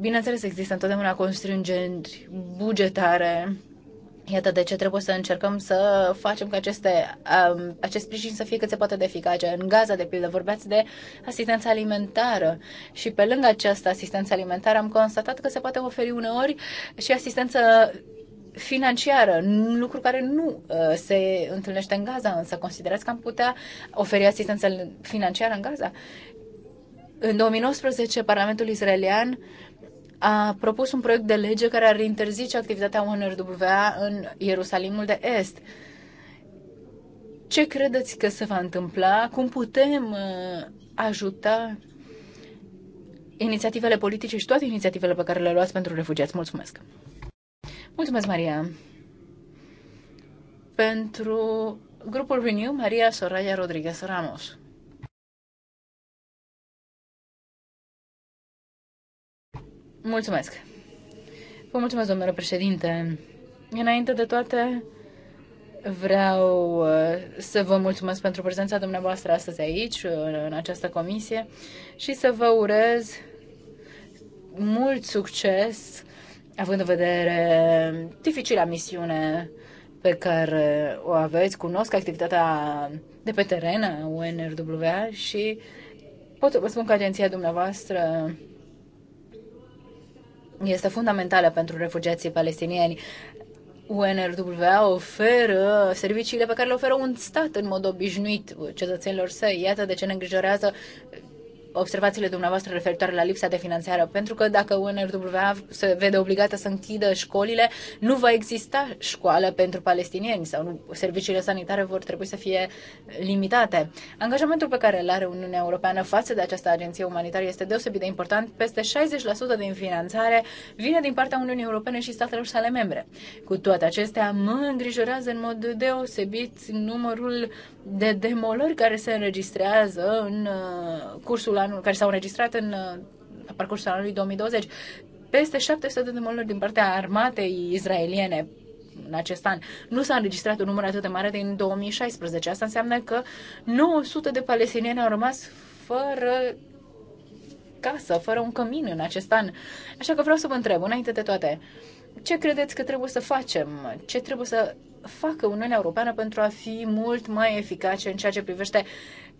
Bineînțeles, există întotdeauna constrângeri bugetare. Iată de ce trebuie să încercăm să facem ca aceste, um, acest sprijin să fie cât se poate de eficace. În Gaza, de pildă, vorbeați de asistență alimentară și pe lângă această asistență alimentară am constatat că se poate oferi uneori și asistență financiară, lucru care nu uh, se întâlnește în Gaza, însă considerați că am putea oferi asistență financiară în Gaza? În 2019, Parlamentul israelian a propus un proiect de lege care ar interzice activitatea UNRWA în Ierusalimul de Est. Ce credeți că se va întâmpla? Cum putem uh, ajuta inițiativele politice și toate inițiativele pe care le luați pentru refugiați? Mulțumesc! Mulțumesc, Maria! Pentru grupul Renew, Maria Soraya Rodriguez Ramos. Mulțumesc! Vă mulțumesc, domnule președinte! Înainte de toate, Vreau uh, să vă mulțumesc pentru prezența dumneavoastră astăzi aici, uh, în această comisie, și să vă urez mult succes având în vedere dificila misiune pe care o aveți, cunosc activitatea de pe teren a UNRWA și pot să vă spun că agenția dumneavoastră este fundamentală pentru refugiații palestinieni. UNRWA oferă serviciile pe care le oferă un stat în mod obișnuit cetățenilor săi. Iată de ce ne îngrijorează observațiile dumneavoastră referitoare la lipsa de finanțare, pentru că dacă UNRWA se vede obligată să închidă școlile, nu va exista școală pentru palestinieni sau nu, serviciile sanitare vor trebui să fie limitate. Angajamentul pe care îl are Uniunea Europeană față de această agenție umanitară este deosebit de important. Peste 60% din finanțare vine din partea Uniunii Europene și statelor sale membre. Cu toate acestea, mă îngrijorează în mod deosebit numărul de demolări care se înregistrează în uh, cursul anul, care s-au înregistrat în uh, parcursul anului 2020, peste 700 de demolări din partea armatei izraeliene în acest an. Nu s-a înregistrat un număr atât de mare din 2016. Asta înseamnă că 900 de palestinieni au rămas fără casă, fără un cămin în acest an. Așa că vreau să vă întreb, înainte de toate, ce credeți că trebuie să facem? Ce trebuie să facă Uniunea Europeană pentru a fi mult mai eficace în ceea ce privește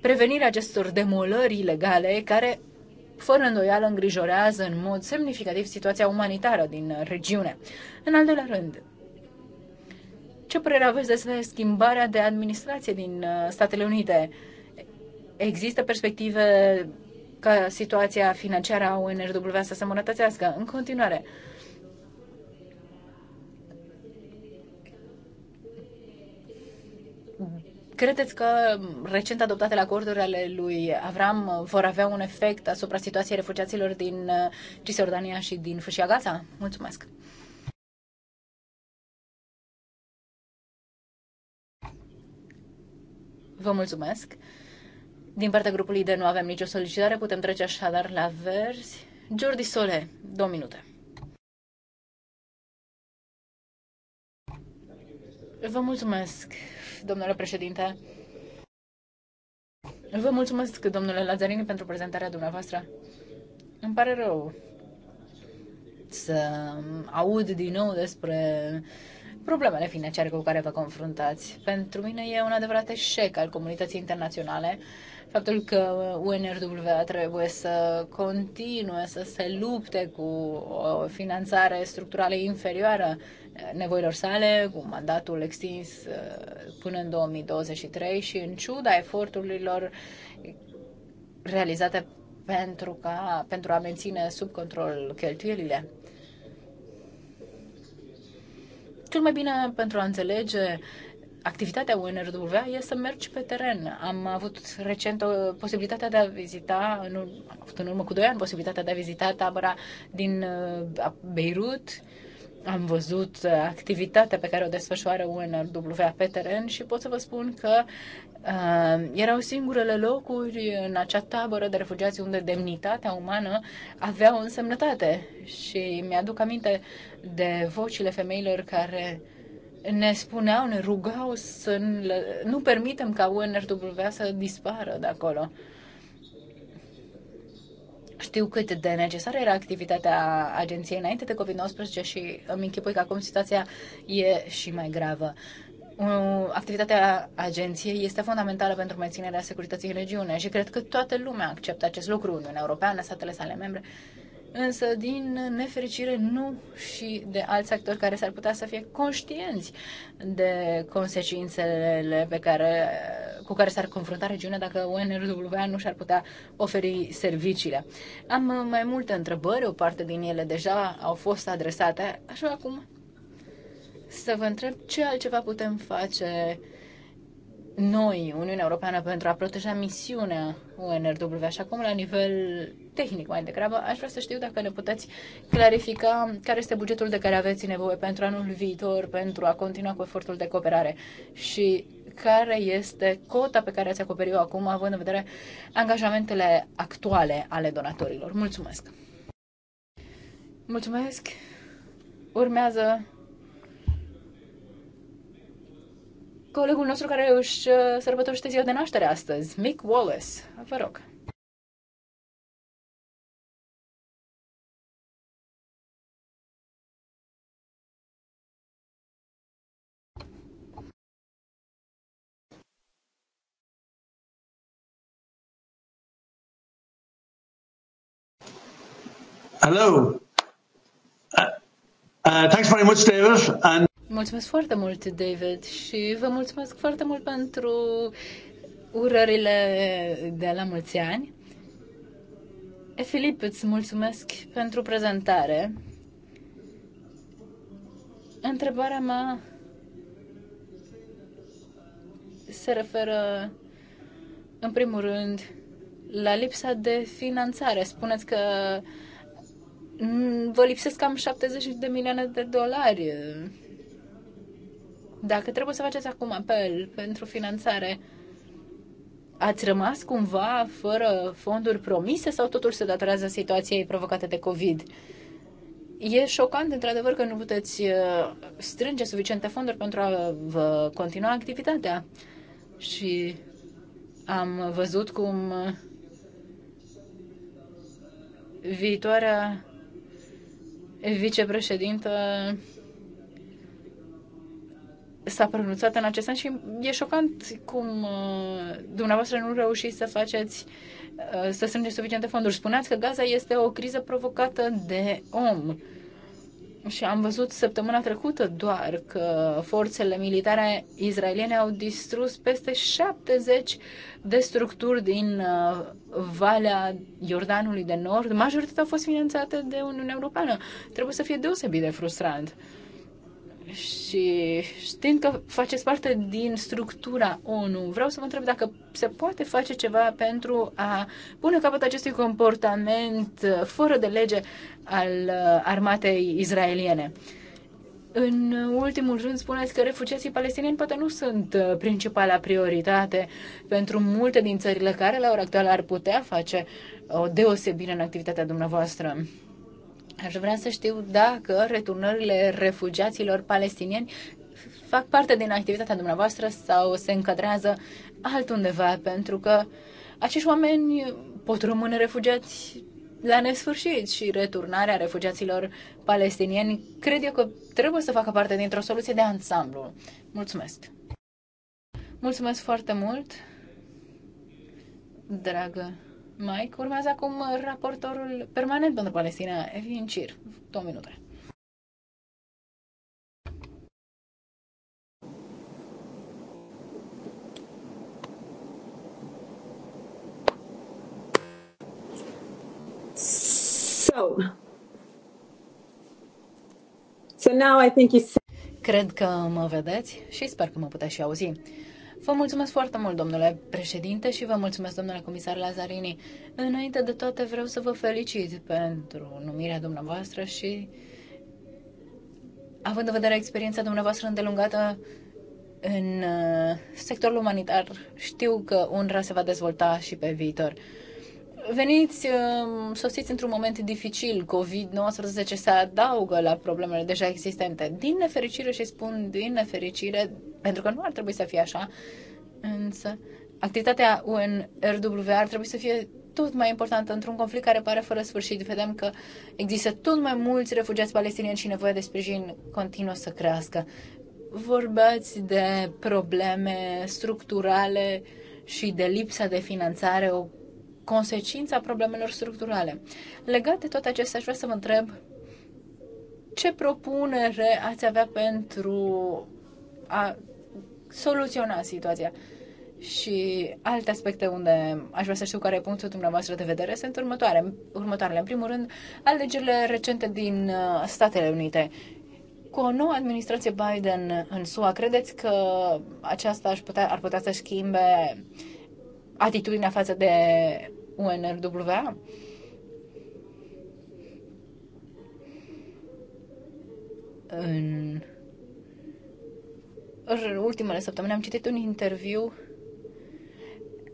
prevenirea acestor demolări ilegale care, fără îndoială, îngrijorează în mod semnificativ situația umanitară din regiune. În al doilea rând, ce părere aveți despre schimbarea de administrație din uh, Statele Unite? Există perspective ca situația financiară a UNRW să se îmbunătățească? În continuare, Credeți că mm, recent adoptatele acorduri ale lui Avram uh, vor avea un efect asupra situației refugiaților din uh, Cisjordania și din Fâșia Gaza? Mulțumesc! Vă mulțumesc! Din partea grupului de nu avem nicio solicitare, putem trece așadar la verzi. Jordi Sole, două minute. Vă mulțumesc domnule președinte. Vă mulțumesc, domnule Lazarini, pentru prezentarea dumneavoastră. Îmi pare rău să aud din nou despre problemele financiare cu care vă confruntați. Pentru mine e un adevărat eșec al comunității internaționale faptul că UNRW trebuie să continue să se lupte cu o finanțare structurală inferioară nevoilor sale, cu mandatul extins uh, până în 2023 și în ciuda eforturilor realizate pentru, ca, pentru a menține sub control cheltuielile. Cel mai bine pentru a înțelege activitatea UNRWA e să mergi pe teren. Am avut recent o posibilitatea de a vizita, în, am avut în urmă cu doi ani posibilitatea de a vizita tabăra din uh, Beirut. Am văzut uh, activitatea pe care o desfășoară UNRWA pe teren și pot să vă spun că uh, erau singurele locuri în acea tabără de refugiați unde demnitatea umană avea o însemnătate. Și mi-aduc aminte de vocile femeilor care uh, ne spuneau, ne rugau să nu permitem ca UNRW să dispară de acolo. Știu cât de necesară era activitatea agenției înainte de COVID-19 și îmi închipui că acum situația e și mai gravă. Activitatea agenției este fundamentală pentru menținerea securității în regiune și cred că toată lumea acceptă acest lucru, Uniunea Europeană, statele sale membre. Uh, însă din nefericire nu și de alți actori care s-ar putea să fie conștienți de consecințele pe care, cu care s-ar confrunta regiunea dacă UNRWA nu și-ar putea oferi serviciile. Am mai multe întrebări, o parte din ele deja au fost adresate, așa acum să vă întreb ce altceva putem face uh, noi, Uniunea Europeană, pentru a proteja misiunea UNRW, așa cum la nivel tehnic mai degrabă, aș vrea să știu dacă ne puteți clarifica care este bugetul de care aveți nevoie pentru anul viitor, pentru a continua cu efortul de cooperare și care este cota pe care ați acoperit-o acum, având în vedere angajamentele actuale ale donatorilor. Mulțumesc! Mulțumesc! Urmează colegul nostru care își uh, sărbătorește ziua de naștere astăzi, Mick Wallace. Vă rog. Hello. Uh, uh, thanks very much, David. And Mulțumesc foarte mult, David, și vă mulțumesc foarte mult pentru urările de la mulți ani. E, Filip, îți mulțumesc pentru prezentare. Întrebarea mea se referă, în primul rând, la lipsa de finanțare. Spuneți că vă lipsesc cam 70 de milioane de dolari dacă trebuie să faceți acum apel pentru finanțare, ați rămas cumva fără fonduri promise sau totul se datorează situației provocate de COVID? E șocant, într-adevăr, că nu puteți uh, strânge suficiente fonduri pentru a vă uh, continua activitatea. Și am văzut cum uh, viitoarea vicepreședintă s-a pronunțat în acest sens și e șocant cum uh, dumneavoastră nu reușiți să faceți uh, să strângeți suficiente fonduri. Spuneați că Gaza este o criză provocată de om. Și am văzut săptămâna trecută doar că forțele militare israeliene au distrus peste 70 de structuri din uh, Valea Iordanului de Nord. Majoritatea au fost finanțate de Uniunea Europeană. Trebuie să fie deosebit de frustrant. Uh, și știind că faceți parte din structura ONU, vreau să vă întreb dacă se poate face ceva pentru a pune capăt acestui comportament uh, fără de lege al uh, armatei izraeliene. În ultimul rând, spuneți că refugiații palestinieni poate nu sunt uh, principala prioritate pentru multe din țările care la ora actuală ar putea face o deosebire în activitatea dumneavoastră. Aș vrea să știu dacă returnările refugiaților palestinieni fac parte din activitatea dumneavoastră sau se încadrează altundeva, pentru că acești oameni pot rămâne refugiați la nesfârșit și returnarea refugiaților palestinieni cred eu că trebuie să facă parte dintr-o soluție de ansamblu. Mulțumesc! Mulțumesc foarte mult, dragă Mike, urmează acum raportorul permanent pentru Palestina, Evin Cir. Două minute. So, so now I think you Cred că mă vedeți și sper că mă puteți și auzi. Vă mulțumesc foarte mult, domnule președinte, și vă mulțumesc, domnule comisar Lazarini. Înainte de toate, vreau să vă felicit pentru numirea dumneavoastră și, având în vedere experiența dumneavoastră îndelungată în uh, sectorul umanitar, știu că UNRWA se va dezvolta și pe viitor. Veniți, um, sosiți într-un moment dificil. COVID-19 se adaugă la problemele deja existente. Din nefericire, și spun din nefericire, pentru că nu ar trebui să fie așa, însă activitatea în ar trebui să fie tot mai importantă într-un conflict care pare fără sfârșit. Vedem că există tot mai mulți refugiați palestinieni și nevoia de sprijin continuă să crească. Vorbeați de probleme structurale și de lipsa de finanțare, o consecință a problemelor structurale. Legat de tot acestea, aș vrea să vă întreb ce propunere ați avea pentru a soluționa situația. Și alte aspecte unde aș vrea să știu care e punctul dumneavoastră de vedere sunt următoare, următoarele. În primul rând, alegerile recente din uh, Statele Unite. Cu o nouă administrație Biden în SUA, credeți că aceasta ar putea, ar putea să schimbe atitudinea față de UNRWA? În în ultimele săptămâni am citit un interviu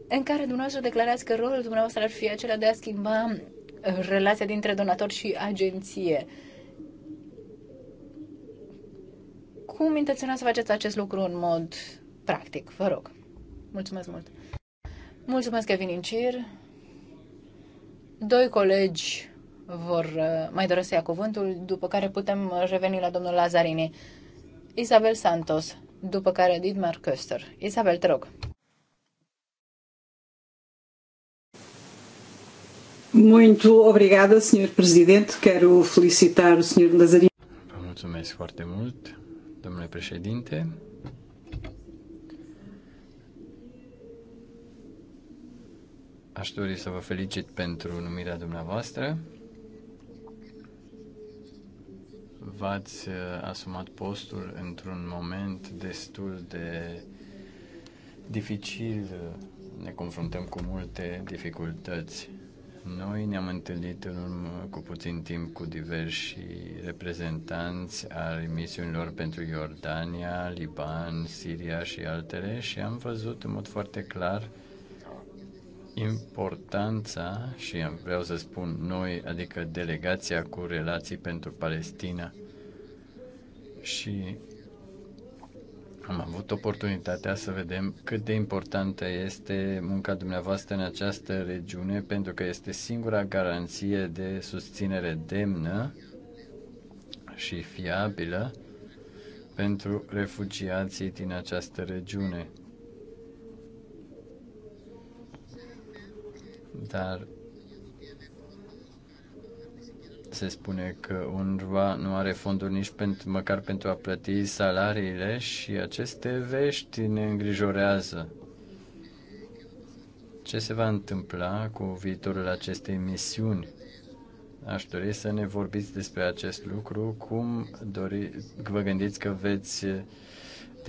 în care dumneavoastră declarați că rolul dumneavoastră ar fi acela de a schimba uh, relația dintre donator și agenție. Cum intenționați să faceți acest lucru în mod practic? Vă rog. Mulțumesc mult. Mulțumesc, Kevin Incir. Doi colegi vor uh, mai doresc să ia cuvântul, după care putem reveni la domnul Lazarini. Isabel Santos, după care Dietmar Köster. Isabel, te rog. Muito obrigada, Sr. Presidente. Quero felicitar o Sr. Lazarino. Da mulțumesc foarte mult, domnule președinte. Aș dori să vă felicit pentru numirea dumneavoastră. v-ați uh, asumat postul într-un moment destul de dificil. Ne confruntăm cu multe dificultăți. Noi ne-am întâlnit în urmă cu puțin timp cu diversi reprezentanți al misiunilor pentru Iordania, Liban, Siria și altele și am văzut în mod foarte clar importanța, și vreau să spun noi, adică delegația cu relații pentru Palestina. Și am avut oportunitatea să vedem cât de importantă este munca dumneavoastră în această regiune, pentru că este singura garanție de susținere demnă și fiabilă pentru refugiații din această regiune. dar se spune că UNRWA nu are fonduri nici pentru, măcar pentru a plăti salariile și aceste vești ne îngrijorează. Ce se va întâmpla cu viitorul acestei misiuni? Aș dori să ne vorbiți despre acest lucru, cum dori, vă gândiți că veți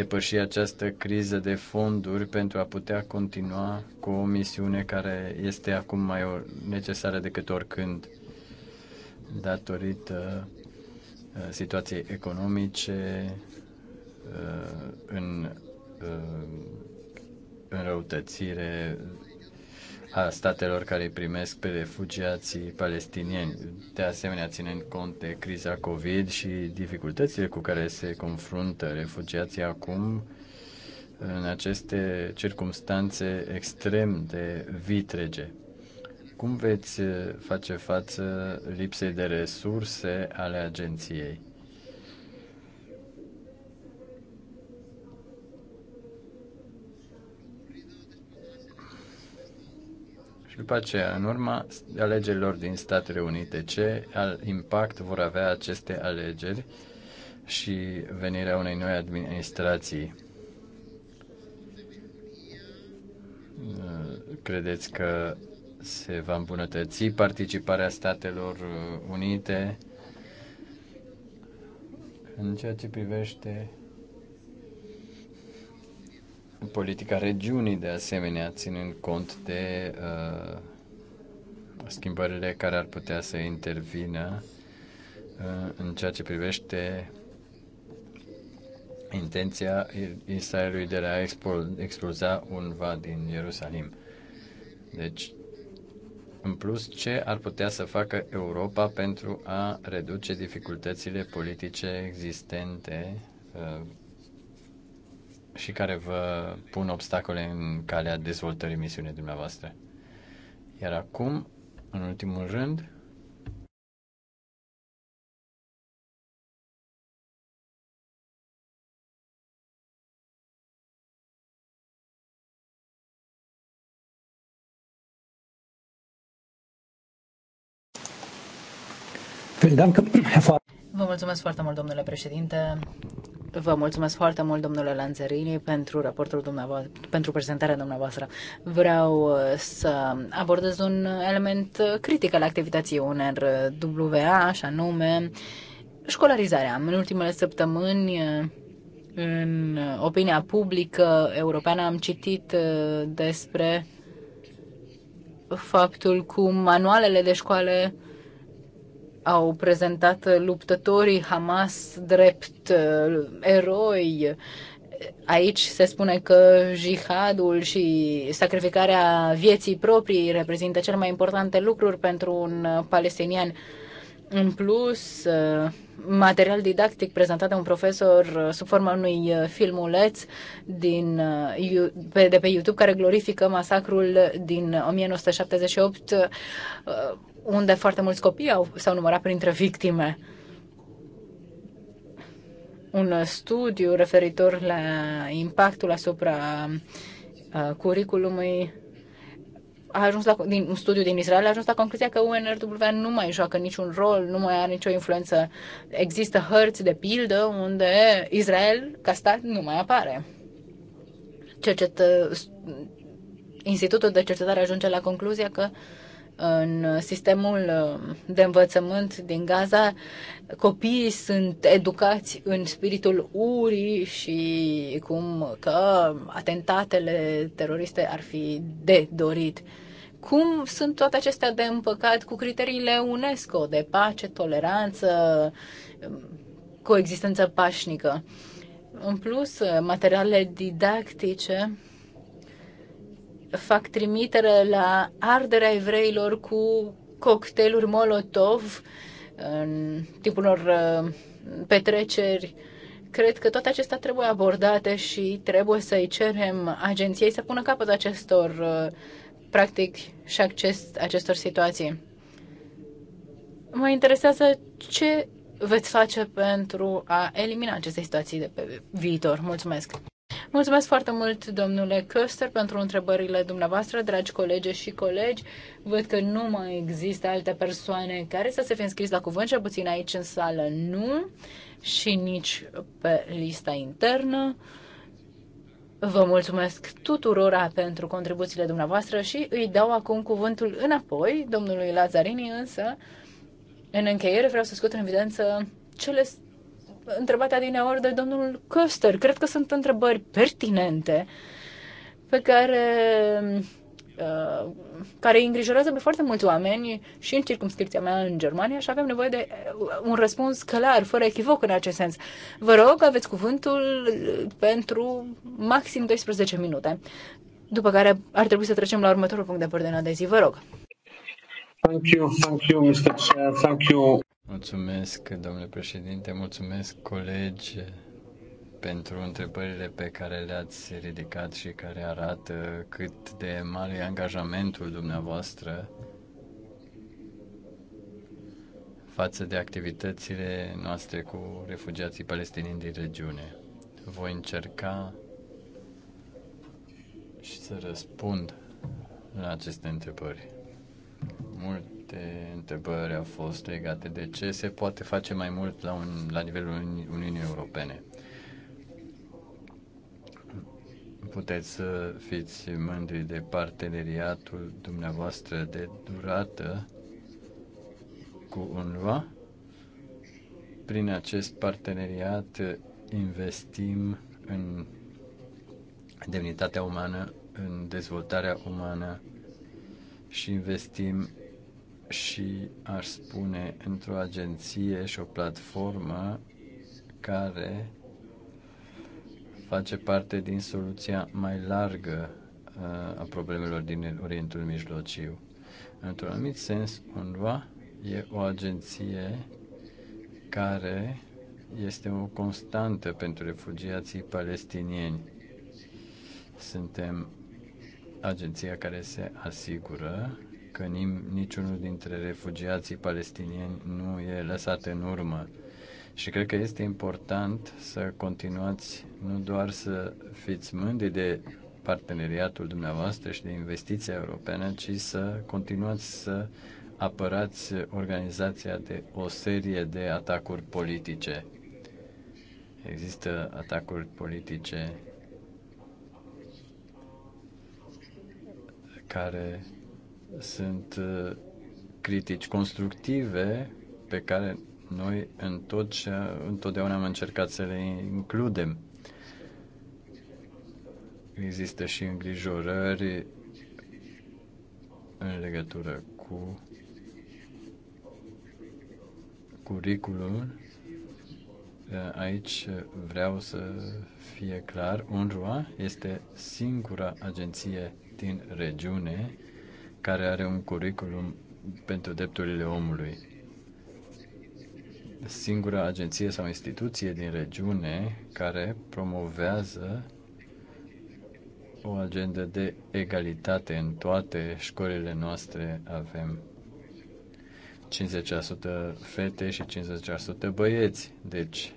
depăși această criză de fonduri pentru a putea continua cu o misiune care este acum mai necesară decât oricând datorită uh, situației economice uh, în uh, înrăutățire a statelor care îi primesc pe refugiații palestinieni. De asemenea, ținând cont de criza COVID și dificultățile cu care se confruntă refugiații acum, în aceste circumstanțe extrem de vitrege. Cum veți face față lipsei de resurse ale agenției? După aceea, în urma alegerilor din Statele Unite, ce impact vor avea aceste alegeri și venirea unei noi administrații? Credeți că se va îmbunătăți participarea Statelor Unite în ceea ce privește Politica regiunii, de asemenea, ținând cont de uh, schimbările care ar putea să intervină uh, în ceea ce privește intenția Israelului de a expulza unva din Ierusalim. Deci, în plus, ce ar putea să facă Europa pentru a reduce dificultățile politice existente uh, și care vă pun obstacole în calea dezvoltării misiunii dumneavoastră. Iar acum, în ultimul rând, Vă mulțumesc foarte mult, domnule președinte. Vă mulțumesc foarte mult, domnule Lanzerini, pentru raportul dumneavoastră, pentru prezentarea dumneavoastră. Vreau uh, să abordez un element critic al activității UNRWA, așa nume, școlarizarea. În ultimele săptămâni, uh, în opinia publică europeană, am citit uh, despre faptul cum manualele de școală au prezentat luptătorii Hamas drept uh, eroi. Aici se spune că jihadul și sacrificarea vieții proprii reprezintă cele mai importante lucruri pentru un uh, palestinian. În plus, uh, material didactic prezentat de un profesor sub forma unui filmuleț din, de pe YouTube care glorifică masacrul din 1978 unde foarte mulți copii au, s-au numărat printre victime. Un studiu referitor la impactul asupra uh, curriculumului a ajuns la, din, un studiu din Israel a ajuns la concluzia că UNRWA nu mai joacă niciun rol, nu mai are nicio influență. Există hărți de pildă unde Israel, ca stat, nu mai apare. Cercetă, Institutul de Cercetare ajunge la concluzia că uh, în sistemul uh, de învățământ din Gaza, copiii sunt educați în spiritul urii și cum că atentatele teroriste ar fi de dorit. Cum sunt toate acestea de împăcat cu criteriile UNESCO de pace, toleranță, um, coexistență pașnică? În plus, uh, materialele didactice fac trimitere la arderea evreilor cu cocktailuri Molotov în timpul unor uh, petreceri. Cred că toate acestea trebuie abordate și trebuie să-i cerem agenției să pună capăt acestor uh, practic și acces acestor situații. Mă interesează ce veți face pentru a elimina aceste situații de pe viitor. Mulțumesc! Mulțumesc foarte mult, domnule Köster, pentru întrebările dumneavoastră, dragi colegi și colegi. Văd că nu mai există alte persoane care să se fi înscris la cuvânt, cel puțin aici în sală nu, și nici pe lista internă. Vă mulțumesc tuturora pentru contribuțiile dumneavoastră și îi dau acum cuvântul înapoi domnului Lazarini, însă în încheiere vreau să scot în evidență cele întrebate adineori de domnul Köster. Cred că sunt întrebări pertinente pe care, uh, care îi îngrijorează pe foarte mulți oameni și în circumscripția mea în Germania și avem nevoie de uh, un răspuns clar, fără echivoc în acest sens. Vă rog, aveți cuvântul pentru maxim 12 minute, după care ar trebui să trecem la următorul punct de ordine de zi. Vă rog. Thank you, thank you, Mr. Chair. Thank you. Mulțumesc, domnule președinte, mulțumesc, colegi, pentru întrebările pe care le-ați ridicat și care arată cât de mare e angajamentul dumneavoastră față de activitățile noastre cu refugiații palestinieni din regiune. Voi încerca și să răspund la aceste întrebări. Mult multe întrebări au fost legate de ce se poate face mai mult la, un, la nivelul Uniunii Europene. Puteți să fiți mândri de parteneriatul dumneavoastră de durată cu UNRWA. Prin acest parteneriat investim în demnitatea umană, în dezvoltarea umană și investim și aș spune într-o agenție și o platformă care face parte din soluția mai largă uh, a problemelor din Orientul Mijlociu. Într-un anumit sens, UNRWA e o agenție care este o constantă pentru refugiații palestinieni. Suntem agenția care se asigură că nim- niciunul dintre refugiații palestinieni nu e lăsat în urmă. Și cred că este important să continuați nu doar să fiți mândri de parteneriatul dumneavoastră și de investiția europeană, ci să continuați să apărați organizația de o serie de atacuri politice. Există atacuri politice care sunt uh, critici constructive pe care noi în întotdeauna am încercat să le includem. Există și îngrijorări în legătură cu curiculul. Aici vreau să fie clar, UNRWA este singura agenție din regiune care are un curriculum pentru drepturile omului. Singura agenție sau instituție din regiune care promovează o agendă de egalitate în toate școlile noastre avem 50% fete și 50% băieți. Deci,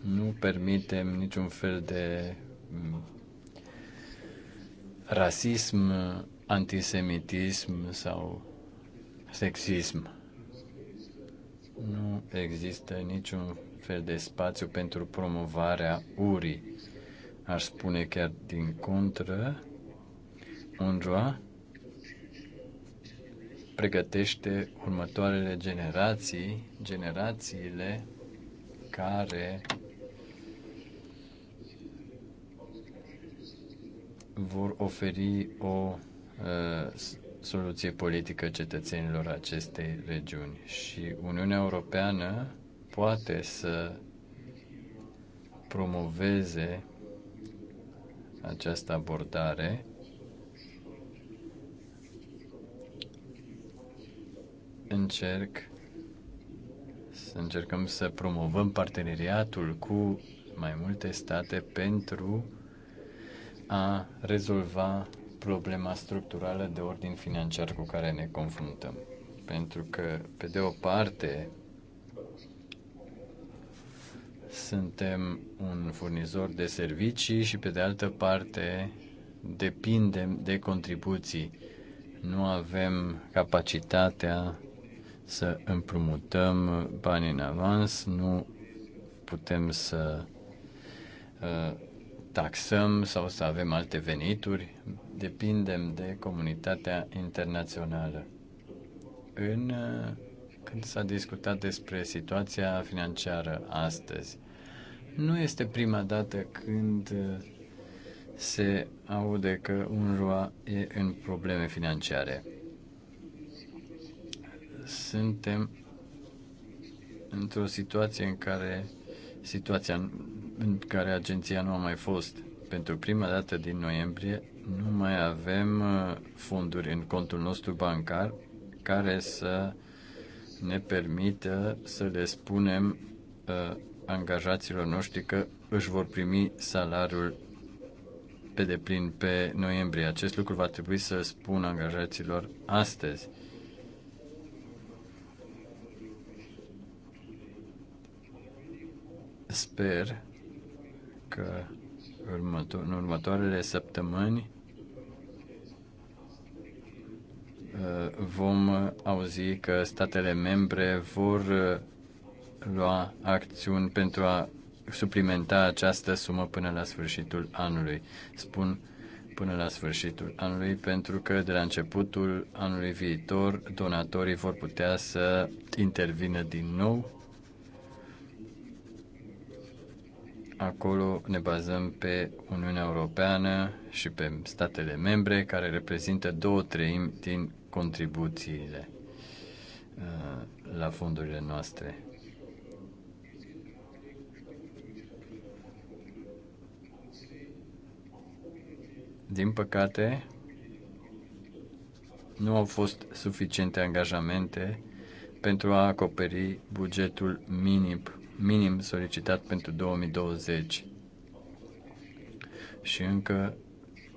nu permitem niciun fel de rasism, antisemitism sau sexism. Nu există niciun fel de spațiu pentru promovarea urii. Aș spune chiar din contră, UNRWA pregătește următoarele generații, generațiile care vor oferi o uh, soluție politică cetățenilor acestei regiuni și Uniunea Europeană poate să promoveze această abordare încerc să încercăm să promovăm parteneriatul cu mai multe state pentru a rezolva problema structurală de ordin financiar cu care ne confruntăm. Pentru că, pe de o parte, suntem un furnizor de servicii și, pe de altă parte, depindem de contribuții. Nu avem capacitatea să împrumutăm bani în avans, nu putem să uh, taxăm sau să avem alte venituri, depindem de comunitatea internațională. În, uh, când s-a discutat despre situația financiară astăzi, nu este prima dată când uh, se aude că roa e în probleme financiare. Suntem într-o situație în care situația în care agenția nu a mai fost. Pentru prima dată din noiembrie nu mai avem uh, fonduri în contul nostru bancar care să ne permită să le spunem uh, angajaților noștri că își vor primi salariul pe deplin pe noiembrie. Acest lucru va trebui să spun angajaților astăzi. Sper că în următoarele săptămâni uh, vom auzi că statele membre vor uh, lua acțiuni pentru a suplimenta această sumă până la sfârșitul anului. Spun până la sfârșitul anului pentru că de la începutul anului viitor donatorii vor putea să intervină din nou Acolo ne bazăm pe Uniunea Europeană și pe statele membre, care reprezintă două treimi din contribuțiile uh, la fondurile noastre. Din păcate, nu au fost suficiente angajamente pentru a acoperi bugetul minim minim solicitat pentru 2020 și încă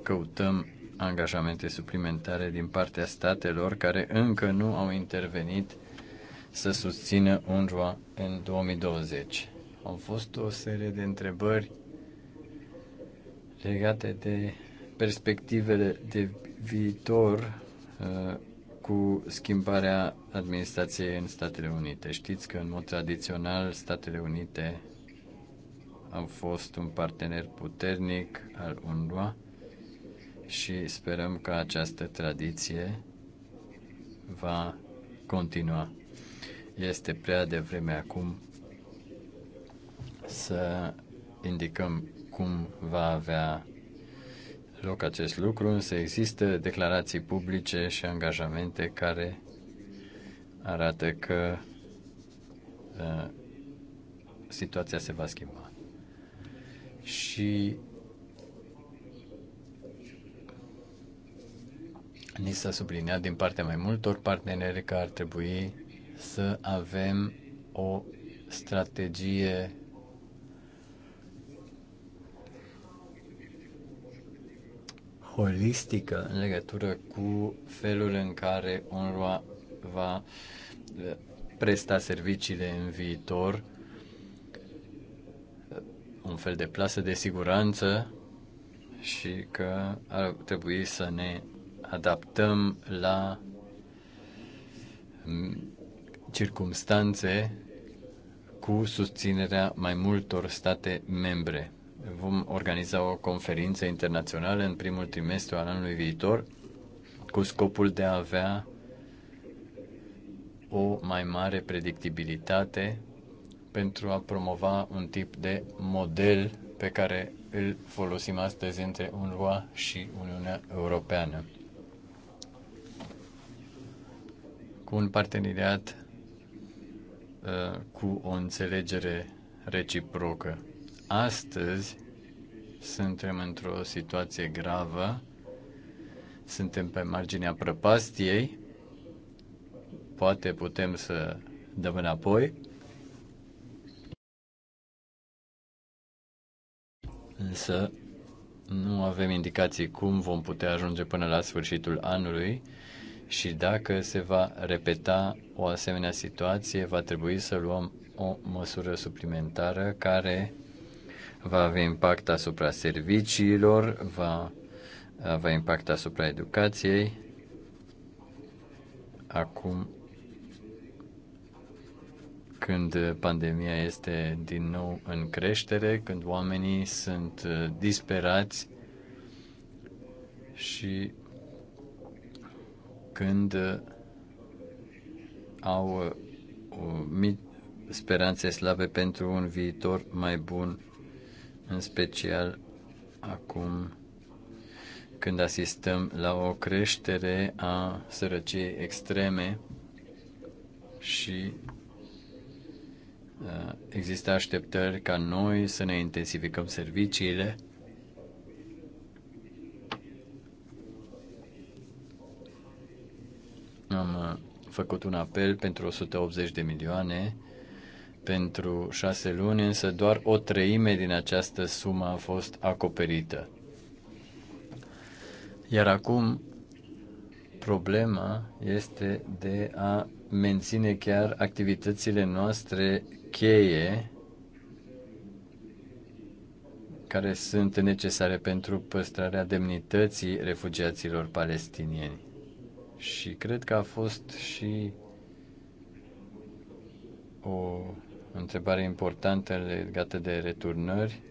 căutăm angajamente suplimentare din partea statelor care încă nu au intervenit să susțină UNRWA în 2020. Au fost o serie de întrebări legate de perspectivele de viitor uh, cu schimbarea administrației în Statele Unite. Știți că, în mod tradițional, Statele Unite au fost un partener puternic al UNRWA și sperăm că această tradiție va continua. Este prea devreme acum să indicăm cum va avea loc acest lucru, însă există declarații publice și angajamente care arată că uh, situația se va schimba. Și ni s-a subliniat din partea mai multor parteneri că ar trebui să avem o strategie holistică în legătură cu felul în care ONRWA va eh, presta serviciile în viitor, eh, un fel de plasă de siguranță și că ar trebui să ne adaptăm la mm, circumstanțe cu susținerea mai multor state membre vom organiza o conferință internațională în primul trimestru al anului viitor cu scopul de a avea o mai mare predictibilitate pentru a promova un tip de model pe care îl folosim astăzi între UNRWA și Uniunea Europeană. Cu un parteneriat uh, cu o înțelegere reciprocă. Astăzi suntem într-o situație gravă, suntem pe marginea prăpastiei, poate putem să dăm înapoi, însă nu avem indicații cum vom putea ajunge până la sfârșitul anului și dacă se va repeta o asemenea situație, va trebui să luăm o măsură suplimentară care va avea impact asupra serviciilor, va avea impact asupra educației. Acum, când pandemia este din nou în creștere, când oamenii sunt uh, disperați și când uh, au uh, speranțe slabe pentru un viitor mai bun în special acum când asistăm la o creștere a sărăciei extreme și uh, există așteptări ca noi să ne intensificăm serviciile Am uh, făcut un apel pentru 180 de milioane pentru șase luni, însă doar o treime din această sumă a fost acoperită. Iar acum problema este de a menține chiar activitățile noastre cheie care sunt necesare pentru păstrarea demnității refugiaților palestinieni. Și cred că a fost și o întrebare importantă legată de returnări,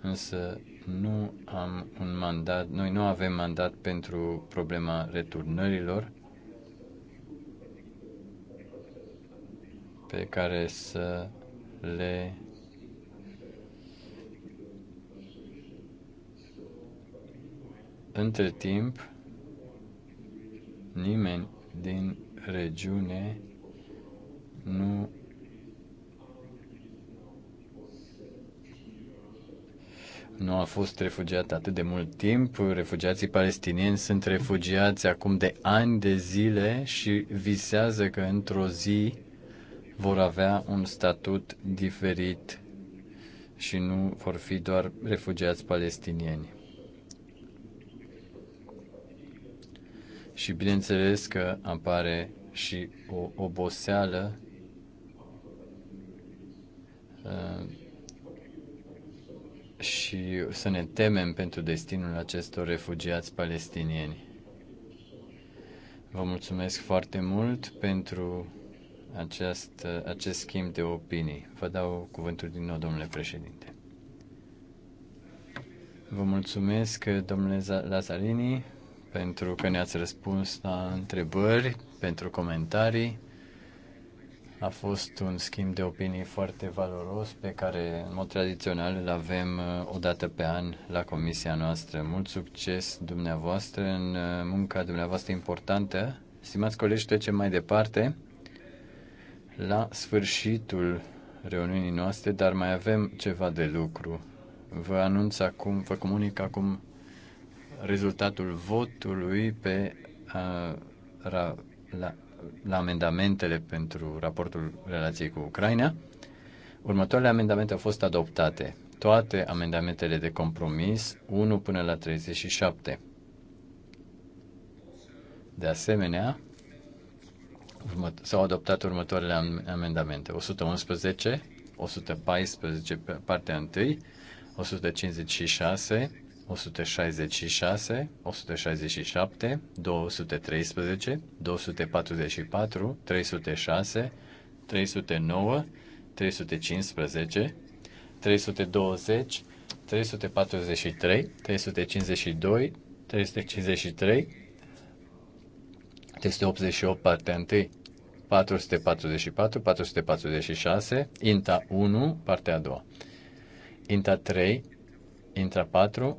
însă nu am un mandat, noi nu avem mandat pentru problema returnărilor pe care să le Între timp, nimeni din regiune nu nu a fost refugiat atât de mult timp. Refugiații palestinieni sunt refugiați acum de ani de zile și visează că într-o zi vor avea un statut diferit și nu vor fi doar refugiați palestinieni. Și bineînțeles că apare și o oboseală uh, și să ne temem pentru destinul acestor refugiați palestinieni. Vă mulțumesc foarte mult pentru acest, acest schimb de opinii. Vă dau cuvântul din nou, domnule președinte. Vă mulțumesc, domnule Lazarini, pentru că ne-ați răspuns la întrebări, pentru comentarii. A fost un schimb de opinii foarte valoros pe care, în mod tradițional, îl avem uh, o dată pe an la comisia noastră. Mult succes dumneavoastră în uh, munca dumneavoastră importantă. Stimați colegi, trecem mai departe la sfârșitul reuniunii noastre, dar mai avem ceva de lucru. Vă anunț acum, vă comunic acum rezultatul votului pe uh, ra, la la amendamentele pentru raportul relației cu Ucraina, următoarele amendamente au fost adoptate. Toate amendamentele de compromis, 1 până la 37. De asemenea, s-au adoptat următoarele amendamente. 111, 114, partea 1, 156, 166, 167, 213, 244, 306, 309, 315, 320, 343, 352, 353, 388, partea 1, 444, 446, INTA 1, partea a doua, INTA 3, INTA 4,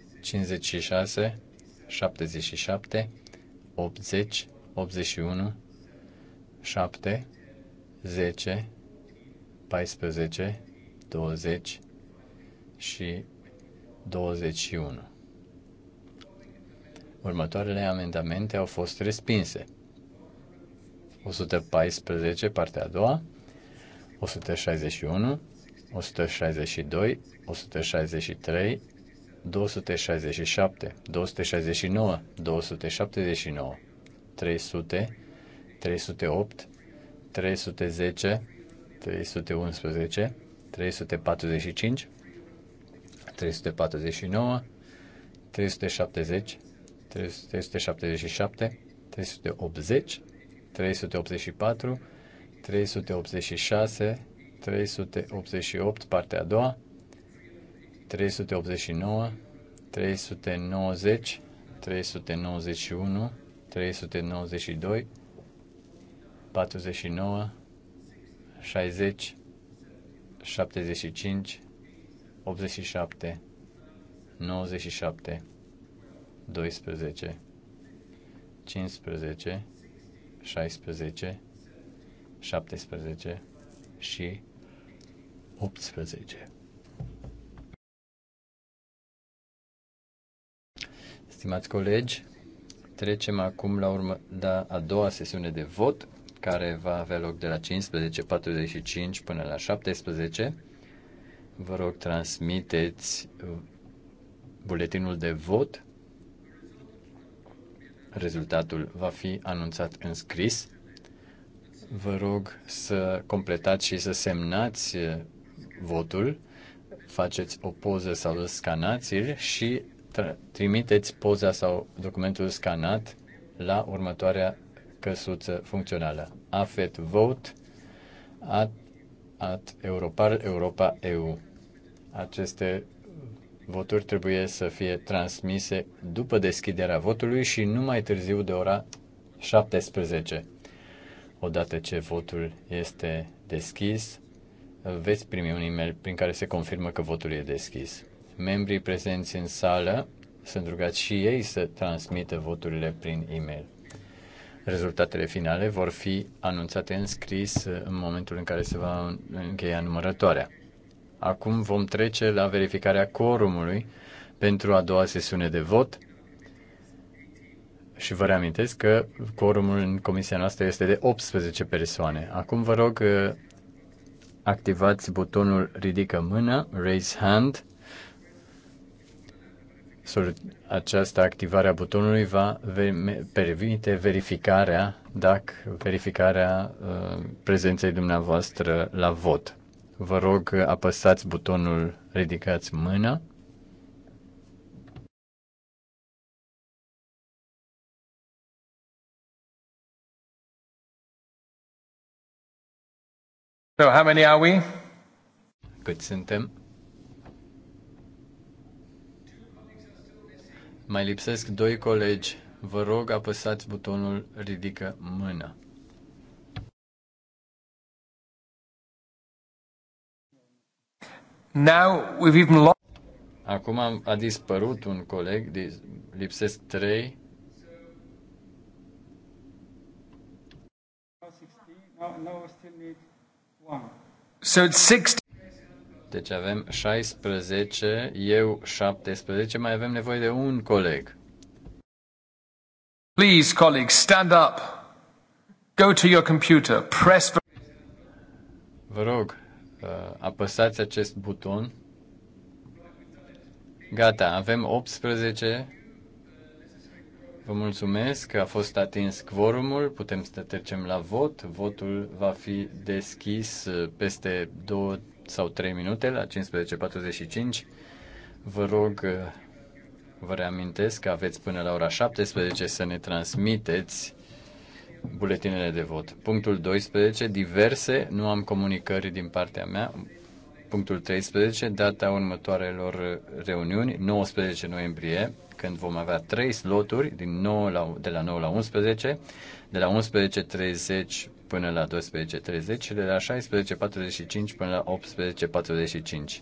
56, 77, 80, 81, 7, 10, 14, 20 și 21. Următoarele amendamente au fost respinse. 114, partea a doua, 161, 162, 163, 267, 269, 279, 300, 308, 310, 311, 345, 349, 370, 377, 380, 384, 386, 388, partea a doua, 389, 390, 391, 392, 49, 60, 75, 87, 97, 12, 15, 16, 17 și 18. Stimați colegi, trecem acum la, urmă, da, a doua sesiune de vot, care va avea loc de la 15.45 până la 17. Vă rog, transmiteți uh, buletinul de vot. Rezultatul va fi anunțat în scris. Vă rog să completați și să semnați uh, votul faceți o poză sau îl scanați și trimiteți poza sau documentul scanat la următoarea căsuță funcțională. AFET Vote at, at Europar Europa EU. Aceste voturi trebuie să fie transmise după deschiderea votului și nu mai târziu de ora 17. Odată ce votul este deschis, veți primi un e-mail prin care se confirmă că votul e deschis membrii prezenți în sală sunt rugați și ei să transmită voturile prin e-mail. Rezultatele finale vor fi anunțate în scris în momentul în care se va încheia numărătoarea. Acum vom trece la verificarea quorumului pentru a doua sesiune de vot și vă reamintesc că quorumul în comisia noastră este de 18 persoane. Acum vă rog activați butonul ridică mână, raise hand, această activare a butonului va permite verificarea dacă verificarea uh, prezenței dumneavoastră la vot. Vă rog, apăsați butonul Ridicați mâna. So how many are we? Cât suntem? Mai lipsesc doi colegi. Vă rog, apăsați butonul ridică mână. Now we've even lost... Acum a dispărut un coleg, lipsesc trei. So it's 60. Deci avem 16, eu 17, mai avem nevoie de un coleg. Please, colleagues, stand up. Go to your computer. Press. Vă rog, uh, apăsați acest buton. Gata, avem 18. Vă mulțumesc că a fost atins quorumul. Putem să trecem la vot. Votul va fi deschis uh, peste două sau 3 minute la 15.45. Vă rog, uh, vă reamintesc că aveți până la ora 17 să ne transmiteți buletinele de vot. Punctul 12, diverse, nu am comunicări din partea mea. Punctul 13, data următoarelor reuniuni, 19 noiembrie, când vom avea 3 sloturi din 9 la, de la 9 la 11, de la 11.30 până la 12.30 și de la 16.45 până la 18.45.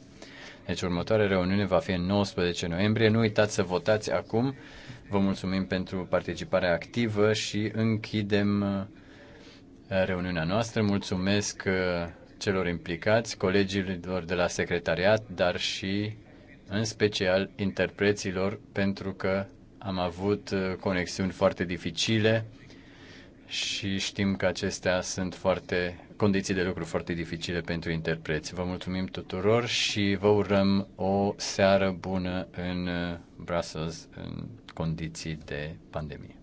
Deci următoarea reuniune va fi în 19 noiembrie. Nu uitați să votați acum. Vă mulțumim pentru participarea activă și închidem uh, reuniunea noastră. Mulțumesc uh, celor implicați, colegilor de la secretariat, dar și în special interpreților, pentru că am avut uh, conexiuni foarte dificile și știm că acestea sunt foarte condiții de lucru foarte dificile pentru interpreți. Vă mulțumim tuturor și vă urăm o seară bună în Brussels în condiții de pandemie.